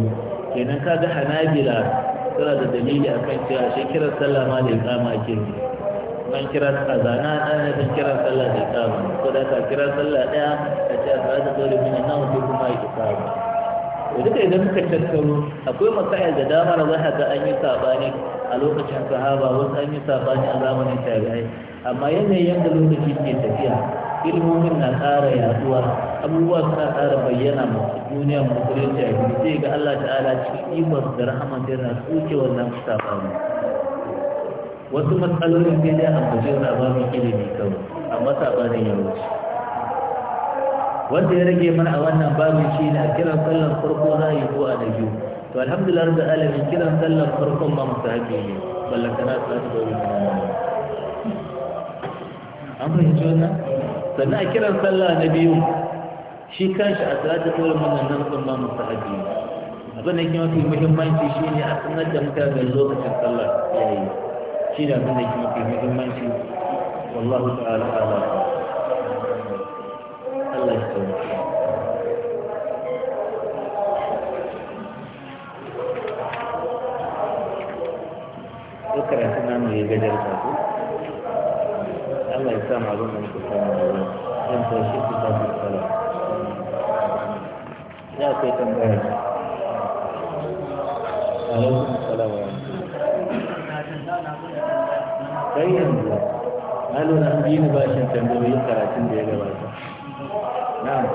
kenan ga hanabila suna da dalili a kan cewa shi kiran sallah ma da ikama ake yi ban kiran azana a yi ban kiran sallah da ikama ko da ka kiran sallah ɗaya ka ce a tsara da dole mini na mutu kuma ya ikama to duka idan muka tattaro akwai masayar da dama na za ga an yi sabani a lokacin sahaba wasu an yi sabani a zamanin tabi'ai amma yanayin yadda lokaci ke tafiya ilmomin na ƙara yaduwa abubuwa suna ƙara bayyana ma duniya musulunci a gudu sai ga Allah ta'ala cikin ikon da rahama ta yana tsoke wannan mu wasu matsalolin da ya ba sabanin ilimi kawai amma sabanin ya wuce wanda ya rage mana a wannan babin shi na kiran sallar farko za a yi zuwa da biyu to alhamdulillah da alamin kiran sallar farkon ma musa haƙe ne ballantana su za su da an fahimci wannan sannan a kiran sallah na biyu shi kanshi a salatu kawai wannan nan sun ma mustahabi abin da yake mafi muhimmanci shine a sanar da mutane lokacin sallah yayi shi da abin da yake mafi muhimmanci wallahu ta'ala ala Allah ya tsare karatu namu ya gajar sa Allah ya sa abin da muka samu da wani zan tashi su ta fi sala ya kai tambaya alaikum salam wa kai yanzu na lura an biyu bashin tambayoyin karatun da ya gabata na'am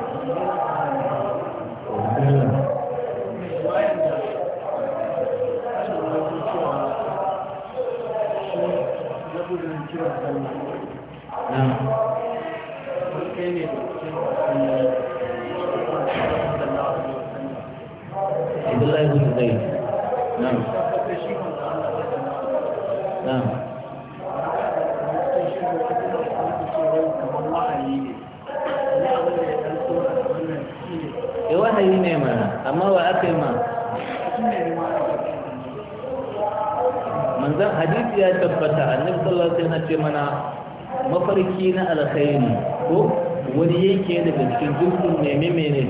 hadisi ya tabbata annabi sallallahu alaihi wasallam ce mana mafarki na alkhairi ko wani yake daga cikin dukkan meme mene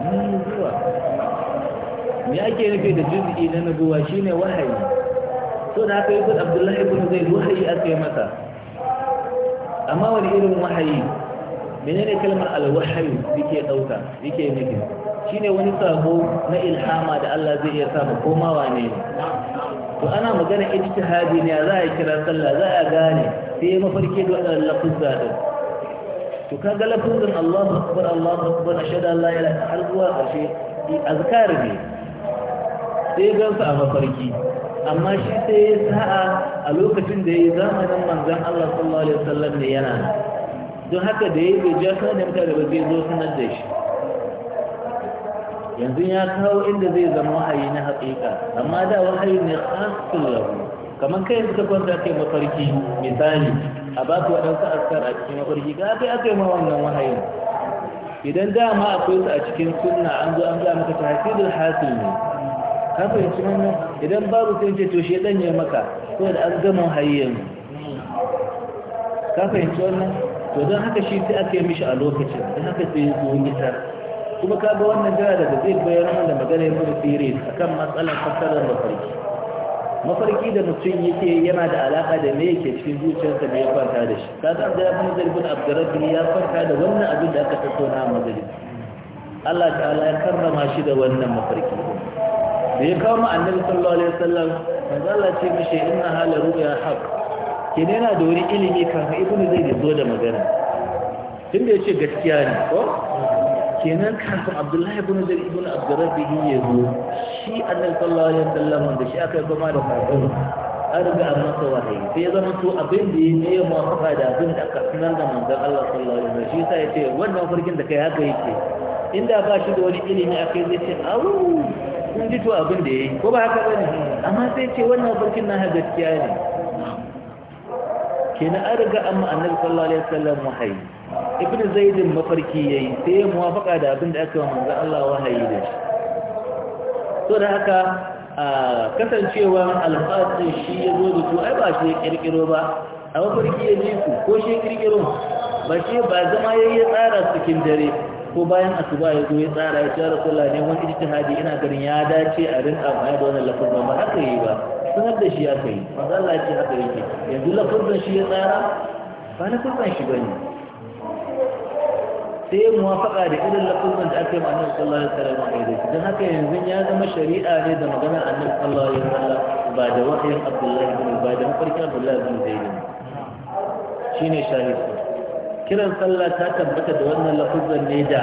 ne me ake nufi da juz'i na nabuwa shine wahayi so da kai yi abdullahi ibn zaid wahayi aka yi mata amma wani irin wahayi menene kalmar alwahayu yake dauka yake nufi shine wani sabo na ilhama da Allah zai iya sa komawa ne to ana magana ijtihadi ne za a kira sallah za a gane sai mafarki da wannan lafuzza din to kaga lafuzzin Allahu akbar Allahu akbar ashhadu an la ilaha har zuwa ƙarshe azkar ne sai gansa a mafarki amma shi sai ya sa'a a lokacin da ya yi zamanin manzon Allah sallallahu alaihi wasallam ne yana don haka da ya yi bai ja sanar da mutane ba zai zo sanar da shi yanzu ya kawo inda zai zama wahayi na haƙiƙa amma da wahayi ne khasul lahu kamar kai yanzu ta kwanta kai mafarki misali a ba ku waɗansu askar a cikin mafarki ga kai aka yi ma wannan wahayin idan dama akwai su a cikin sunna an zo an ga maka tahsidul hasil ne ka fahimci wannan idan babu sai ce to ɗan ya maka ko da an gama wahayi yanzu ka fahimci wannan to don haka shi sai aka yi mishi a lokacin don haka sai ya zo nisa kuma kaga wannan jira daga zai bayar da magana ibn a akan matsalar fassarar mafarki mafarki da mutum yake yana da alaka da me yake cikin zuciyarsa da ya kwanta da shi kaga Abdullahi ya Zaid bin Abdurrabbi ya kwanta da wannan abin da aka tattauna a magana Allah ta'ala ya karrama shi da wannan mafarki da ya kawo mu annabi sallallahu alaihi wasallam manzo Allah ce mishi inna hala ru'ya haqq ke yana da wani ilimi kafin ibn zai zo da magana tun da ya ce gaskiya ne ko kenan kafin abdullahi ibn zai ibn abdurrabbihi ya zo shi annabi sallallahu alaihi wasallam da shi aka gama da farko an riga an masa wahayi sai ya zama to abin da ya yi ma faɗa da abin da aka sanar da manzon Allah sallallahu alaihi wasallam shi yasa ya ce wannan farkin da kai haka yake inda ba shi da wani ilimi akai zai ce awu kun ji to abin da yayi ko ba haka bane amma sai ce wannan farkin na gaskiya ne Kina na arga amma annabi sallallahu alaihi wasallam wahayi ibn zaid mafarki yayi sai ya muwafaka da abin da aka manzo Allah wahayi da shi to da haka a kasancewa alfatin shi ya zo da su ai ba shi ya kirkiro ba a mafarki ya ji su ko shi ya kirkiro ba shi ba zama yayi yi tsara cikin dare ko bayan asuba ya zo ya tsara ya tsara sallah ne wani ijtihadi ina ganin ya dace a rinka amfani da wannan lafazin ba haka yi ba sanar da shi ya kai manzo Allah ya haka yake yanzu lafazin shi ya tsara ba na kusan shi bane sai ya muwafaka da irin lafazin da aka yi ma'anar sallallahu alaihi wasallam a yau don haka yanzu ya zama shari'a ne da maganar annabi sallallahu alaihi wasallam ba da wahayin Abdullahi bin ba da mafarkin Abdullahi bin Zaid shine shahidi kiran sallah ta tabbata da wannan lafuzan ne da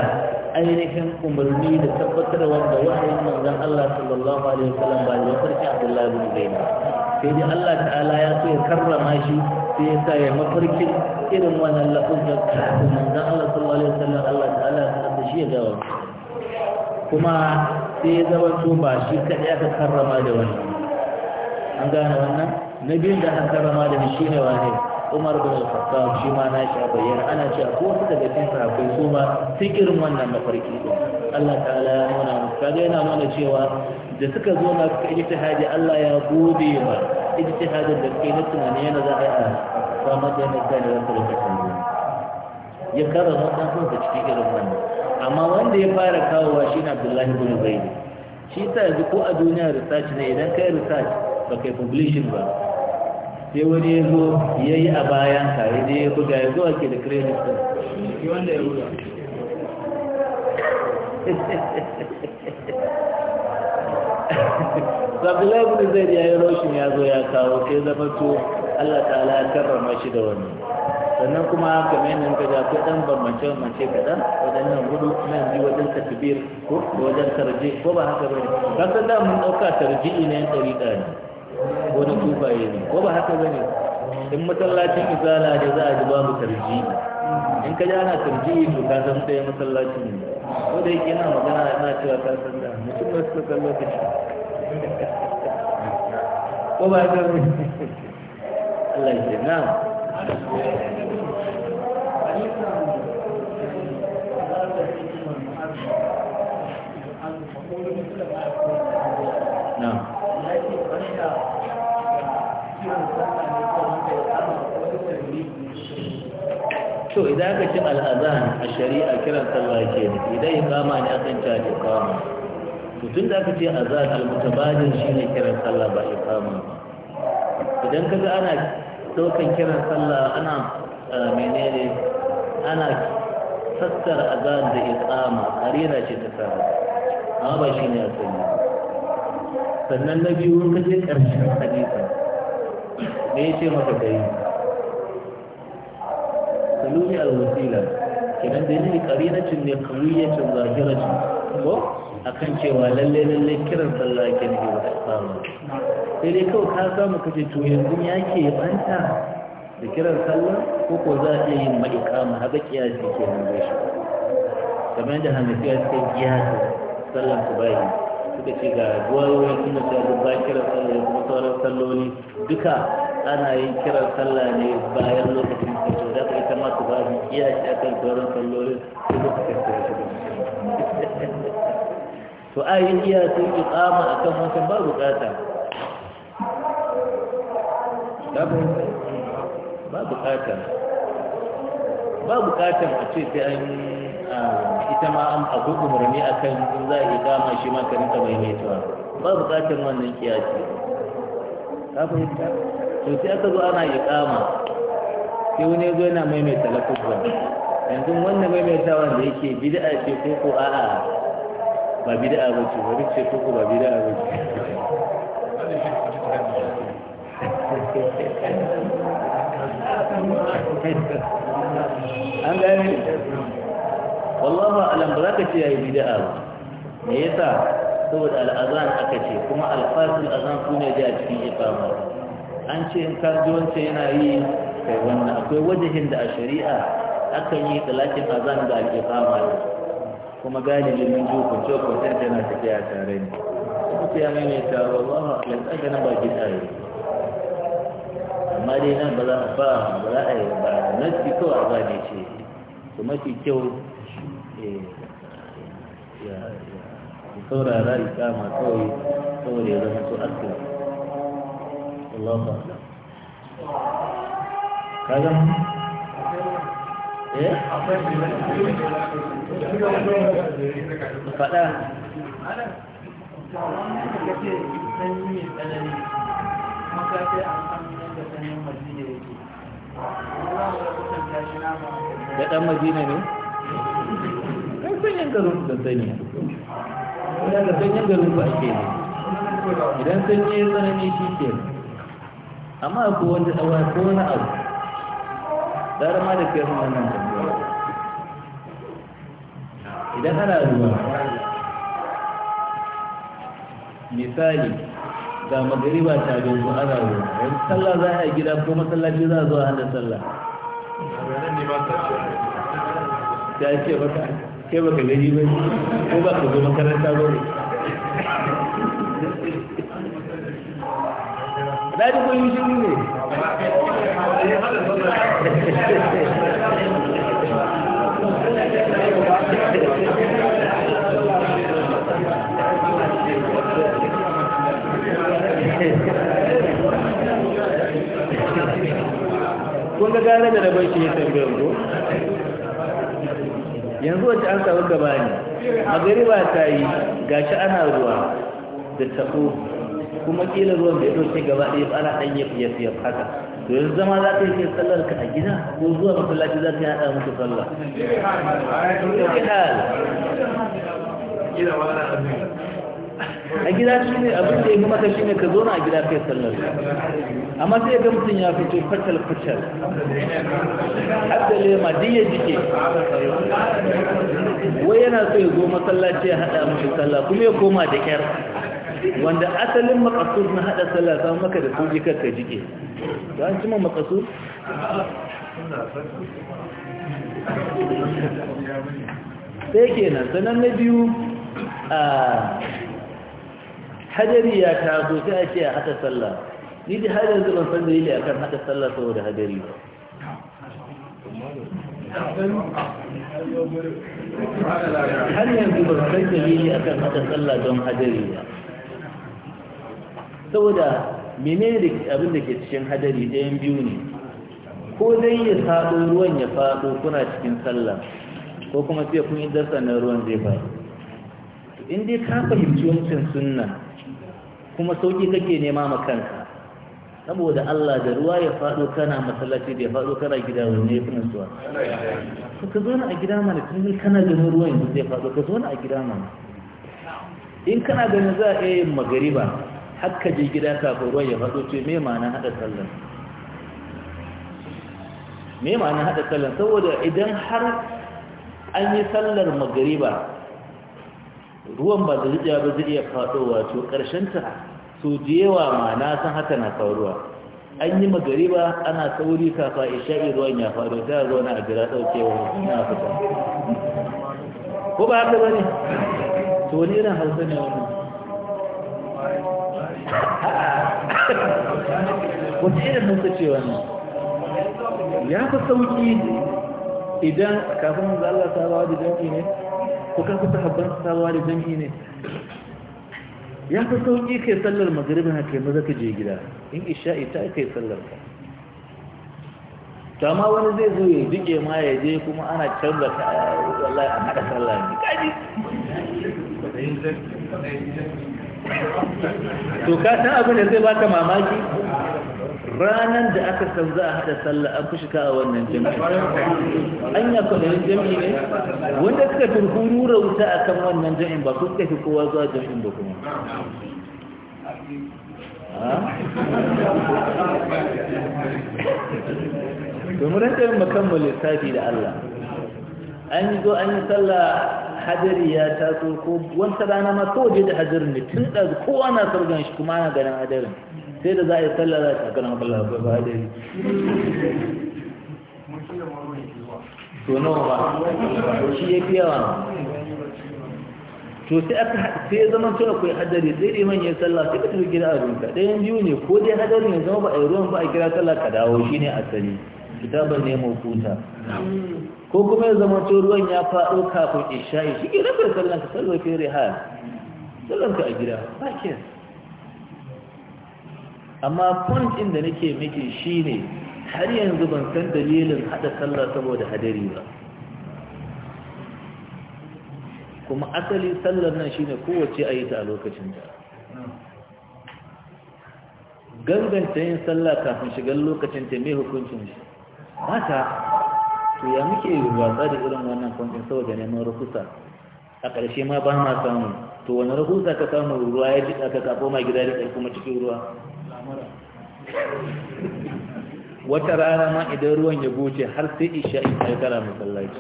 ainihin umarni da tabbatar wanda wahayin manzon Allah sallallahu alaihi wasallam ba da farki Abdullahi bin Zaid sai dai Allah ta'ala ya so ya karrama shi sai ya sa ya mafarkin irin wannan lafuzan kafin manzon Allah sallallahu alaihi wasallam Allah ta'ala ya sanar shi ya dawo kuma sai ya zama to ba shi kadai aka karrama da wannan an gane wannan na biyun da aka karrama da shi ne wahai umar bin al-khattab shi ma na shi a bayyana ana cewa ko wasu daga cikin sahabbai su ma sun irin wannan mafarki din Allah ta'ala ya nuna musu kaga yana nuna cewa da suka zo na suka ijtihadi Allah ya gode ma ijtihadin da suka yi na tunani yana za a yi a samar da yana da wata lokacin ya kara sun da cikin irin wannan amma wanda ya fara kawowa shi na abdullahi bin zaidi shi ta yanzu ko a duniya research ne idan ka yi research ba kai publishing ba sai wani ya zo ya yi a bayan ka ya je ya buga ya zuwa ke da kredit ɗin wanda ya buga sabila zai zaid ya yi roshin ya zo ya kawo sai zama to Allah ta'ala ya karrama shi da wani sannan kuma kamar yadda muka ga akwai dan bambance bambance kaɗan waɗannan gudu nan ji wajen takbir ko wajen tarji ko ba haka bane kasan da mun ɗauka tarji ne ɗari ɗari ko na tufaye ne ko ba haka bane in masallacin izala ne za a ji babu tarji in ka ji ana tarji to ka san sai masallacin ne ko da yake yana magana yana cewa ka san da mutum ba su kan lokaci ko ba haka bane Allah ya na Thank you. to idan aka cin al'azan a shari'a kiran sallah ke ne idan iqama ne akan ta iqama to tun da aka ce azan al shi ne kiran sallah ba iqama idan kaga ana daukan kiran sallah ana eh, menene ana sassar azan da iqama karira ce ta sallah amma ba shi shine asali sannan na biyu kaje ƙarshen hadisi me ya ce maka kai ma'lumi al-wasila kenan dalili qarinacin ne qawiyatin zahiratin ko akan cewa lalle lalle kiran sallah yake ne ba samu sai dai kawai ka samu kace to yanzu yake banta da kiran sallah ko ko za a yi mai ikama haka kiyasi kenan zai shi kamar da hanafiya suka kiyasa sallan su bayi suka ce ga duwayoyin suna cewa duk ba kiran sallah kuma sauran salloli duka ana yin kiran sallah ne bayan lokacin fito da ka ita masu ba su iya shi a kan sauran sallolin su lokacin da shi to a yi iya sun yi tsama a kan wancan ba bukata ba bukata ba bukata a ce sai an ita ma an a gudu murni a kan in za a yi kama shi ma ka rinka mai mai ba bukatan wannan kiyaci ka fahimta to sai aka zo ana iqama sai wani zo yana maimaita lafuzza yanzu wannan maimaitawa da yake bid'a ce ko ko a'a ba bid'a ba ce wani ce ko ko ba bid'a ba ce an gani wallahu alam ba za ka ce yayi bid'a ba me yasa saboda al'azan aka ce kuma alfasul azan ne da a cikin ba an ce in ka ji wance yana yi kai wannan akwai wajahin da a shari'a akan yi talakin azan da ake fama da kuma galibin mun ji hukunce hukuncen tana tafiya tare ne kuma sai ya maimaita wa Allah ya tsaga na baki tare amma dai nan ba za a ba ba za a yi ba nasi kawai ne ce kuma mafi kyau eh, ya saurara ikama kawai saboda ya zama su asibiti Allah Taala. Kadang, eh, apa yang kita ada. Kita kata senyum dan ini maka saya akan menjadikan masjid itu. Allah berkata jangan masjid ini. Kenapa yang terus tertanya? Kenapa yang terus berfikir? Dan senyum dan ini sihir. amma ko wanda tsawa ko wani abu gara ma da kiyar wannan tambaya idan ana ruwa misali ga magari ba ta dogo ana ruwa yanzu sallah za a gida ko masallaci za a zo a hannun sallah ta ce baka ke baka gani ba ko ba ka zo makaranta ba na ji kun yi shiru ne kun ga gane da rabai shi ya tambayar ko yanzu wacce an samu gaba ne ba ta yi gashi ana ruwa da taɓo. kuma kila ruwan bai ɗauke gaba ɗaya ba ana ɗan ya fiye fiye haka to yanzu zama za ka yi sallar ka a gida ko zuwa masallaci za ka yi haɗa musu sallah a gida shi ne abin da ya fi maka shi ne ka zo a gida kai sallar amma sai ga mutum ya fito fatal fatal haddale ma diya jike wai yana so ya zo masallaci ya haɗa musu sallah kuma ya koma da kyar wanda asalin makasur na hada sallah samu maka da soji kakka jike za a cima makasur? sai kenan sanar na biyu a hadari ya taso sai a ce a hada sallah ni da har yanzu ban san a kan hada sallah saboda hadari ba har yanzu ban san dalili kan hada sallah don hadari ba saboda menene abin da ke cikin hadari ɗayan biyu ne ko dai ya faɗo ruwan ya faɗo kuna cikin sallah ko kuma sai kun yi dasa na ruwan zai faɗo in dai ka fahimci wancan sunna kuma sauki kake nema ma kanka saboda Allah da ruwa ya faɗo kana masallaci da ya faɗo kana gida wanne ya fi nasuwa ka zo na a gida mana tun kana ganin ruwan yanzu zai faɗo ka zo na a gida mana in kana ganin za a iya yin magariba hakka je gida kafin ruwan ya faɗo ce me ma'ana haɗa sallan me ma'ana haɗa sallan saboda idan har an yi sallar magariba ruwan ba da zuciya ba zai iya faɗowa to ƙarshenta su da yawa ma na san haka na faruwa an yi magariba ana sauri kafa isha'i ruwan ya faɗo ta zo na jira ɗaukewa na fita ko ba haka ba ne to wani irin hausa ne wani wata irin hausa ce wannan ya fi sauki idan kafin manzo Allah sabawa da jami'i ne ko kafin sahabban sabawa da jami'i ne ya fi sauki kai sallar magaribi ha kai maza ka je gida in isha'i ita kai sallar ka Ta ma wani zai zo ya jike ma ya je kuma ana canza ka wallahi a hada sallar. ne kaji to ka san abin da zai baka mamaki ranar da aka san za a hada sallah an fi shika a wannan jami'i an yi kwanarin jami'in ne wanda suka turhuru rauta a kan wannan jami'in ba su suka fi kowa zuwa jami'in ba kuma domin yin makamman lissafi da Allah an yi zo an yi sallah hadari ya taso ko wata rana ma kawai da hadari ne tun da kowa na sargan shi kuma ana ganin hadari sai da za a yi sallah za a ganin Allah ba ba hadari to nawa ba to shi ya fi yawa to sai aka sai ya zama cewa akwai hadari sai da man ya sallah sai ka tafi gida a rinka ɗayan biyu ne ko dai hadari ne zama ba a yi ruwan ba a kira sallah ka dawo shine asali kitabar ne kuta. ko kuma ya zama turuwan ruwan ya faɗo kafin isha'i shi ke nufin sallan ka sallan ka yare haya sallan ka a gida ba ke amma point ɗin da nake miki shine har yanzu ban san dalilin haɗa sallah saboda hadari ba kuma asali sallar nan shine kowace a yi ta a lokacin ta ganganta yin sallah kafin shigar lokacin ta mai hukuncin shi mata to ya muke watsa da irin wannan kwanjin saboda neman rahusa a ƙarshe ma ba ma samu to wani rahusa ka samu ruwa ya ji ka kafo ma gida da kuma cikin ruwa wata rana ma idan ruwan ya goce har sai isha in yi kara masallaci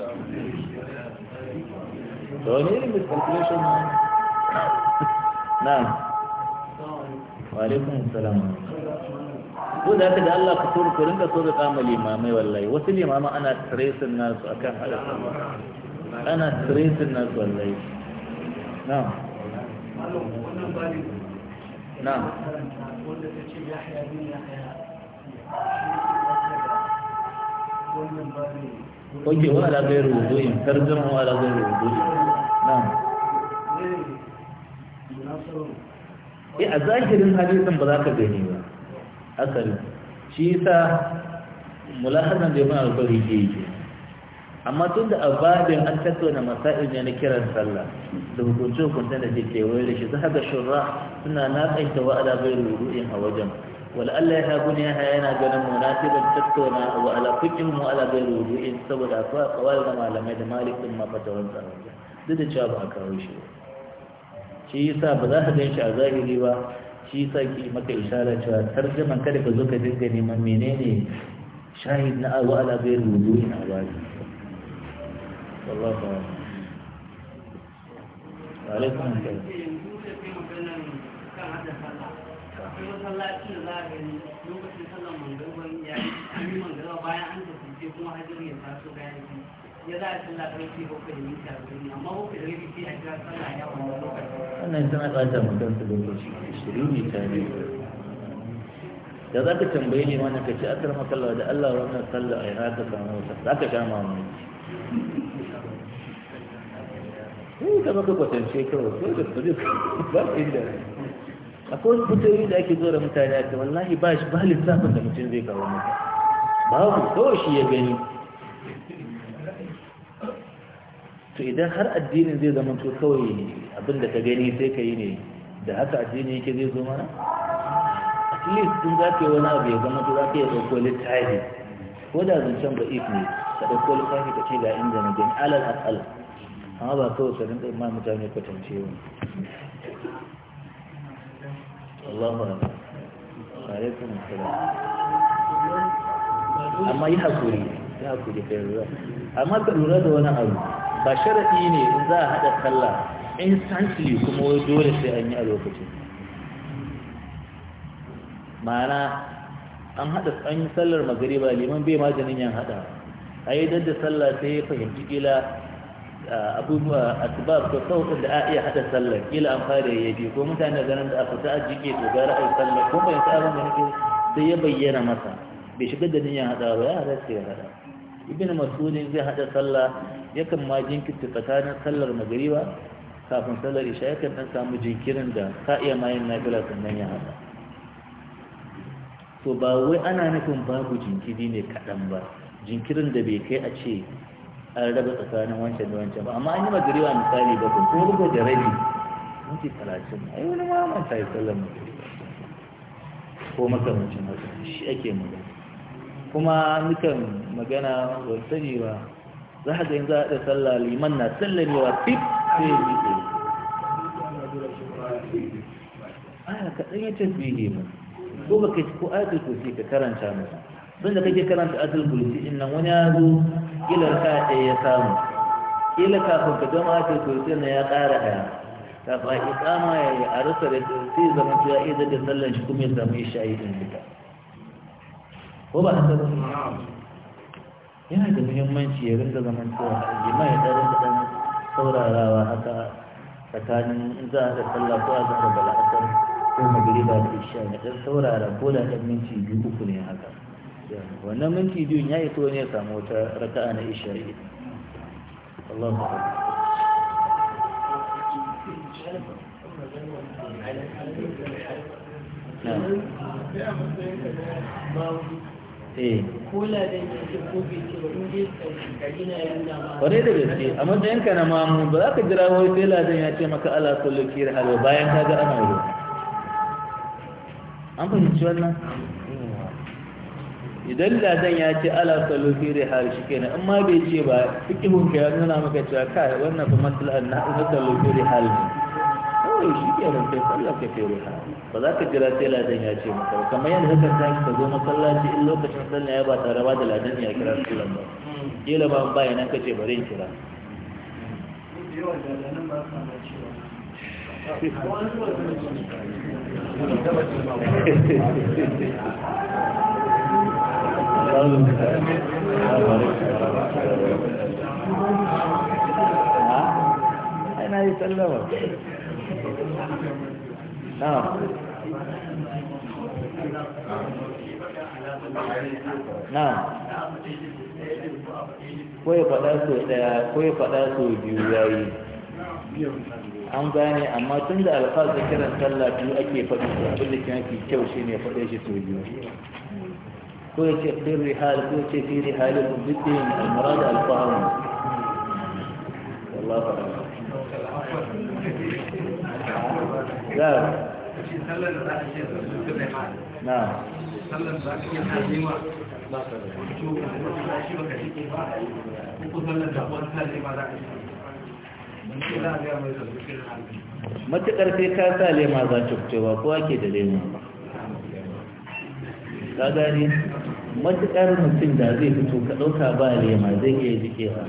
da wani irin miscalculation na wa alaikum salam ko da haka da Allah ku tsoro ku rinka so da kama limamai wallahi wasu limama ana stressin nasu akan halatta ana stressin nasu wallahi na'am na'am Oke, wa ala gairu wudu'in, tarjuma wa ala gairu wudu'in. Na'am. Eh a zahirin hadisin ba za ka gani ba. asali shi yasa mulahazan da yamin alkawari ke yi amma tun da ababin an tattauna masa'il ne na kiran sallah da hukuncin hukuncin da ke kewaye da shi za ga shurra suna na tsaita ala bai ruru'in a wajen Allah ya hagu ne haya yana ganin munasibin tattauna wa kuɗin mu ala bai ruru'in saboda akwai kawai da malamai da malikin ma wani tsaron duk da cewa ba a kawo shi ba shi yasa ba za ka gan shi a zahiri ba shi sa ke maka ishara cewa tarjaman kada ka zo ka dinga neman menene shahid na abu ala bai rubu in abadi wallahi ba alaikum gani lokacin sallar mangarban ya yi mangarba bayan an tafi kuma hajjar ya taso bayan ya za a sallah kai ce ko kai ne ta gani amma ko kai ne ce a kira sallah ya wani lokaci wannan tana bata mutum su lokaci shiriri ta ne da za ka tambaye ne wannan ka ce a karma kallon da Allah wannan sallah a yi haka samu wata za ka sha mamaki sai ka maka kwatance kawai sai da kudi ba inda akwai wasu fitoyi da ake zora mutane a ce wallahi ba shi ba lissafin da mutum zai kawo maka babu kawai shi ya gani to idan har addinin zai zama to kawai abin da ka gani sai ka yi ne da haka addini yake zai zo mana at least din za ka yi wani abu ya zama to za ka yi ɗauko littafi ko da zancen ba if ne ka ɗauko littafi ka ce ga inda na gani alal al'al amma ba kawai ka rinka ma mutane kwatance wani Allahu Akbar. kuma assalam. Amma yi hakuri, yi hakuri kai ruwa Amma ka lura da wani abu. ba sharaɗi ne in za a haɗa sallah instantly kuma dole sai an yi a lokacin ma'ana an hada an yi sallar magariba liman bai maganin yan haɗa a yi da sallah sai ya fahimci gila, abubuwa a sabab ko sautin da a iya haɗa sallar gila an fara ya biyu ko mutane ganin da a fita a jike to gara a yi sallar ko bayan sabon ganin sai ya bayyana masa bai shigar da niyan haɗa ba ya hada sai ya haɗa ibn masudin zai hada sallah yakan ma jinkirta tsakanin sallar magariba kafin sallar isha yakan dan samu jinkirin da ka iya ma yin nafila sannan ya hada to ba wai ana nufin babu jinkiri ne kaɗan ba jinkirin da bai kai a ce an raba tsakanin wancan da wancan ba amma an yi magariba misali ba kun kuma rubuta rabi minti talatin yi wani ma ya sallar magariba ko makamancin haka shi ake magana kuma nukan magana ba sani ba za a za a da sallah liman na sallamewa tip sai ya miƙe aya kaɗan ya ce yi mu ko ba kai ko ko kursi ka karanta mu sun da kake karanta adal kursi in nan wani ya zo kila ka ɗaya ya samu kila kafin ka gama ko ce na ya ƙara ɗaya kafin a ƙi ya yi a rasa da sai zama cewa iya da sallan shi kuma ya samu ya sha yi ɗin duka ko ba haka ba yana da muhimmanci ya rinka zaman cewa jima ya ɗarin da ɗan saurarawa haka tsakanin za a da sallah ko a za bala asar ko magariba da isha ne ɗan saurara ko da ɗan minti biyu uku ne haka wannan minti biyun ya yi ne ya samu wata raka'a na isha Allah ma'aikata Yeah. Eh. kwarai da gaske a matsayinka na mamu ba za ka jira wai sai ladan ya ce maka ala kullu kira halwa bayan ka ga ana wuri an fahimci wannan idan ladan ya ce ala kullu kira hal shi kenan in ma bai ce ba suke ka ya nuna maka cewa kai wannan fa maslahar na kullu kira hal kawai shi kenan kai sallar ka fi ruha ba za ka jira sai ladan ya ce maka ba kamar yadda kakan tashi ka zo masallaci in lokacin sallah ya ba tare ba da ladan ya kira sallan ba kila ba ba yana kace bari in kira *laughs* yi نعم نعم kawai faɗa sau ɗaya kawai faɗa sau biyu yayi an gane amma tun da alfasa kiran sallah biyu ake faɗi to abin da kina fi kyau shi ne faɗe shi sau biyu ko ya ce fi rihal ko ya ce fi rihal duk da yin almurad alfahamu wallahu a'lam na'am matuƙar sai ka sa lema za ta fitowa kowa ke da lema Ta gani matuƙar mutum da zai fito ka ɗauka ba lema zai iya jikewa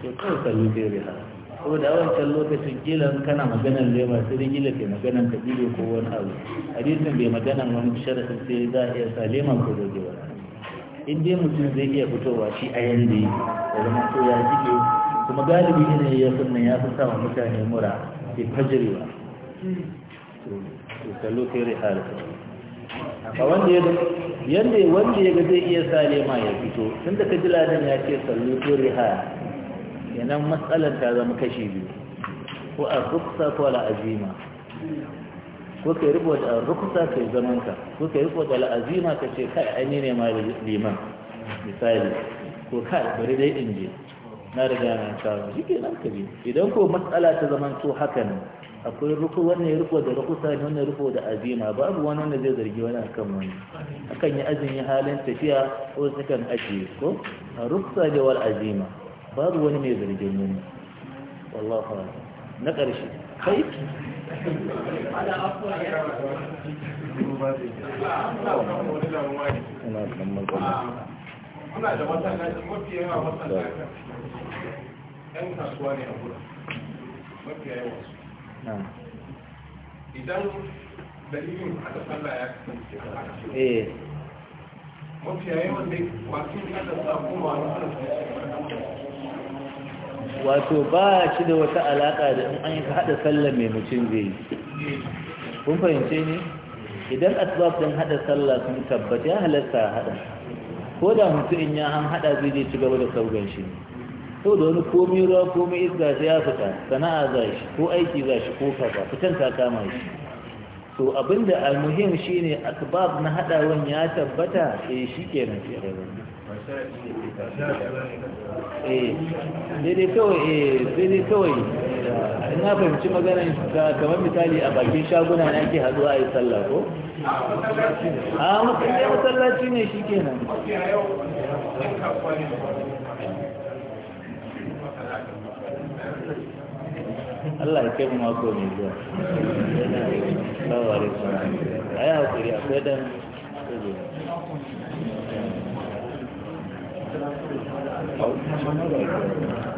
to kalli zai da wancan lokacin kila kana maganar lema sai dai kila ke maganar ka kila ko wani abu hadisin bai maganar wani sharafin sai za a iya sa lema ko doge ba in dai mutum zai iya fitowa shi a yanzu da zama to ya jike kuma galibi ne ya sunna ya fi sama mutane mura ke fajirwa to kallo kai rihar a wanda ya yanda wanda ya ga zai iya sa lema ya fito tunda ka ji ladan ya ce sallu to rihar kenan matsalar ta zama kashi biyu ko a rukusa ko la'azima. ko ka rufe da rukusa kai yi zamanka ko ka rufe da la'azima ka ce kai yi ne ma liman misali ko kai bari dai in je na riga na kawo shi ke nan ka bi idan ko matsala ta zaman to haka ne akwai ruku wannan rufe da rukusa ne wannan rufe da azima babu wani wanda zai zargi wani akan wani akan yi azumi halin tafiya ko sukan ajiye ko A rukusa da wal azima أفراد ولم يزل جنون والله أعلم نقر شيء خيط على أفضل يا رب أنا لو أنت لازم مطيعة وصلت. أنت أسواني أبوه. مطيعة وصلت. نعم. إذا دليل حتى صلى يا أخي. إيه. مطيعة وصلت. وأكيد هذا الصابون وأنا wato ba shi da wata alaƙa da in an yi haɗa sallah mai mutum zai yi kun fahimce ne idan asibab din haɗa sallah sun tabbata ya halatta haɗa ko da mutu in ya an haɗa zai je ci gaba da saugan shi ne sau da wani komi ruwa komi iska ta ya fita sana'a za shi ko aiki za shi ko kaza fitan ta kama shi to abinda almuhim shine asibab na haɗawan ya tabbata eh, shi eh ke sai Eh, daidai kawai eh, eh, na fahimci maganar kamar misali a bakin shaguna na ke haduwa a yi sallah ko? a ah, matsayi masallaci ne shi ke nan Allah ya kai mako mai zuwa. Lawa da sana'a. A yi haƙuri a dan Thank you.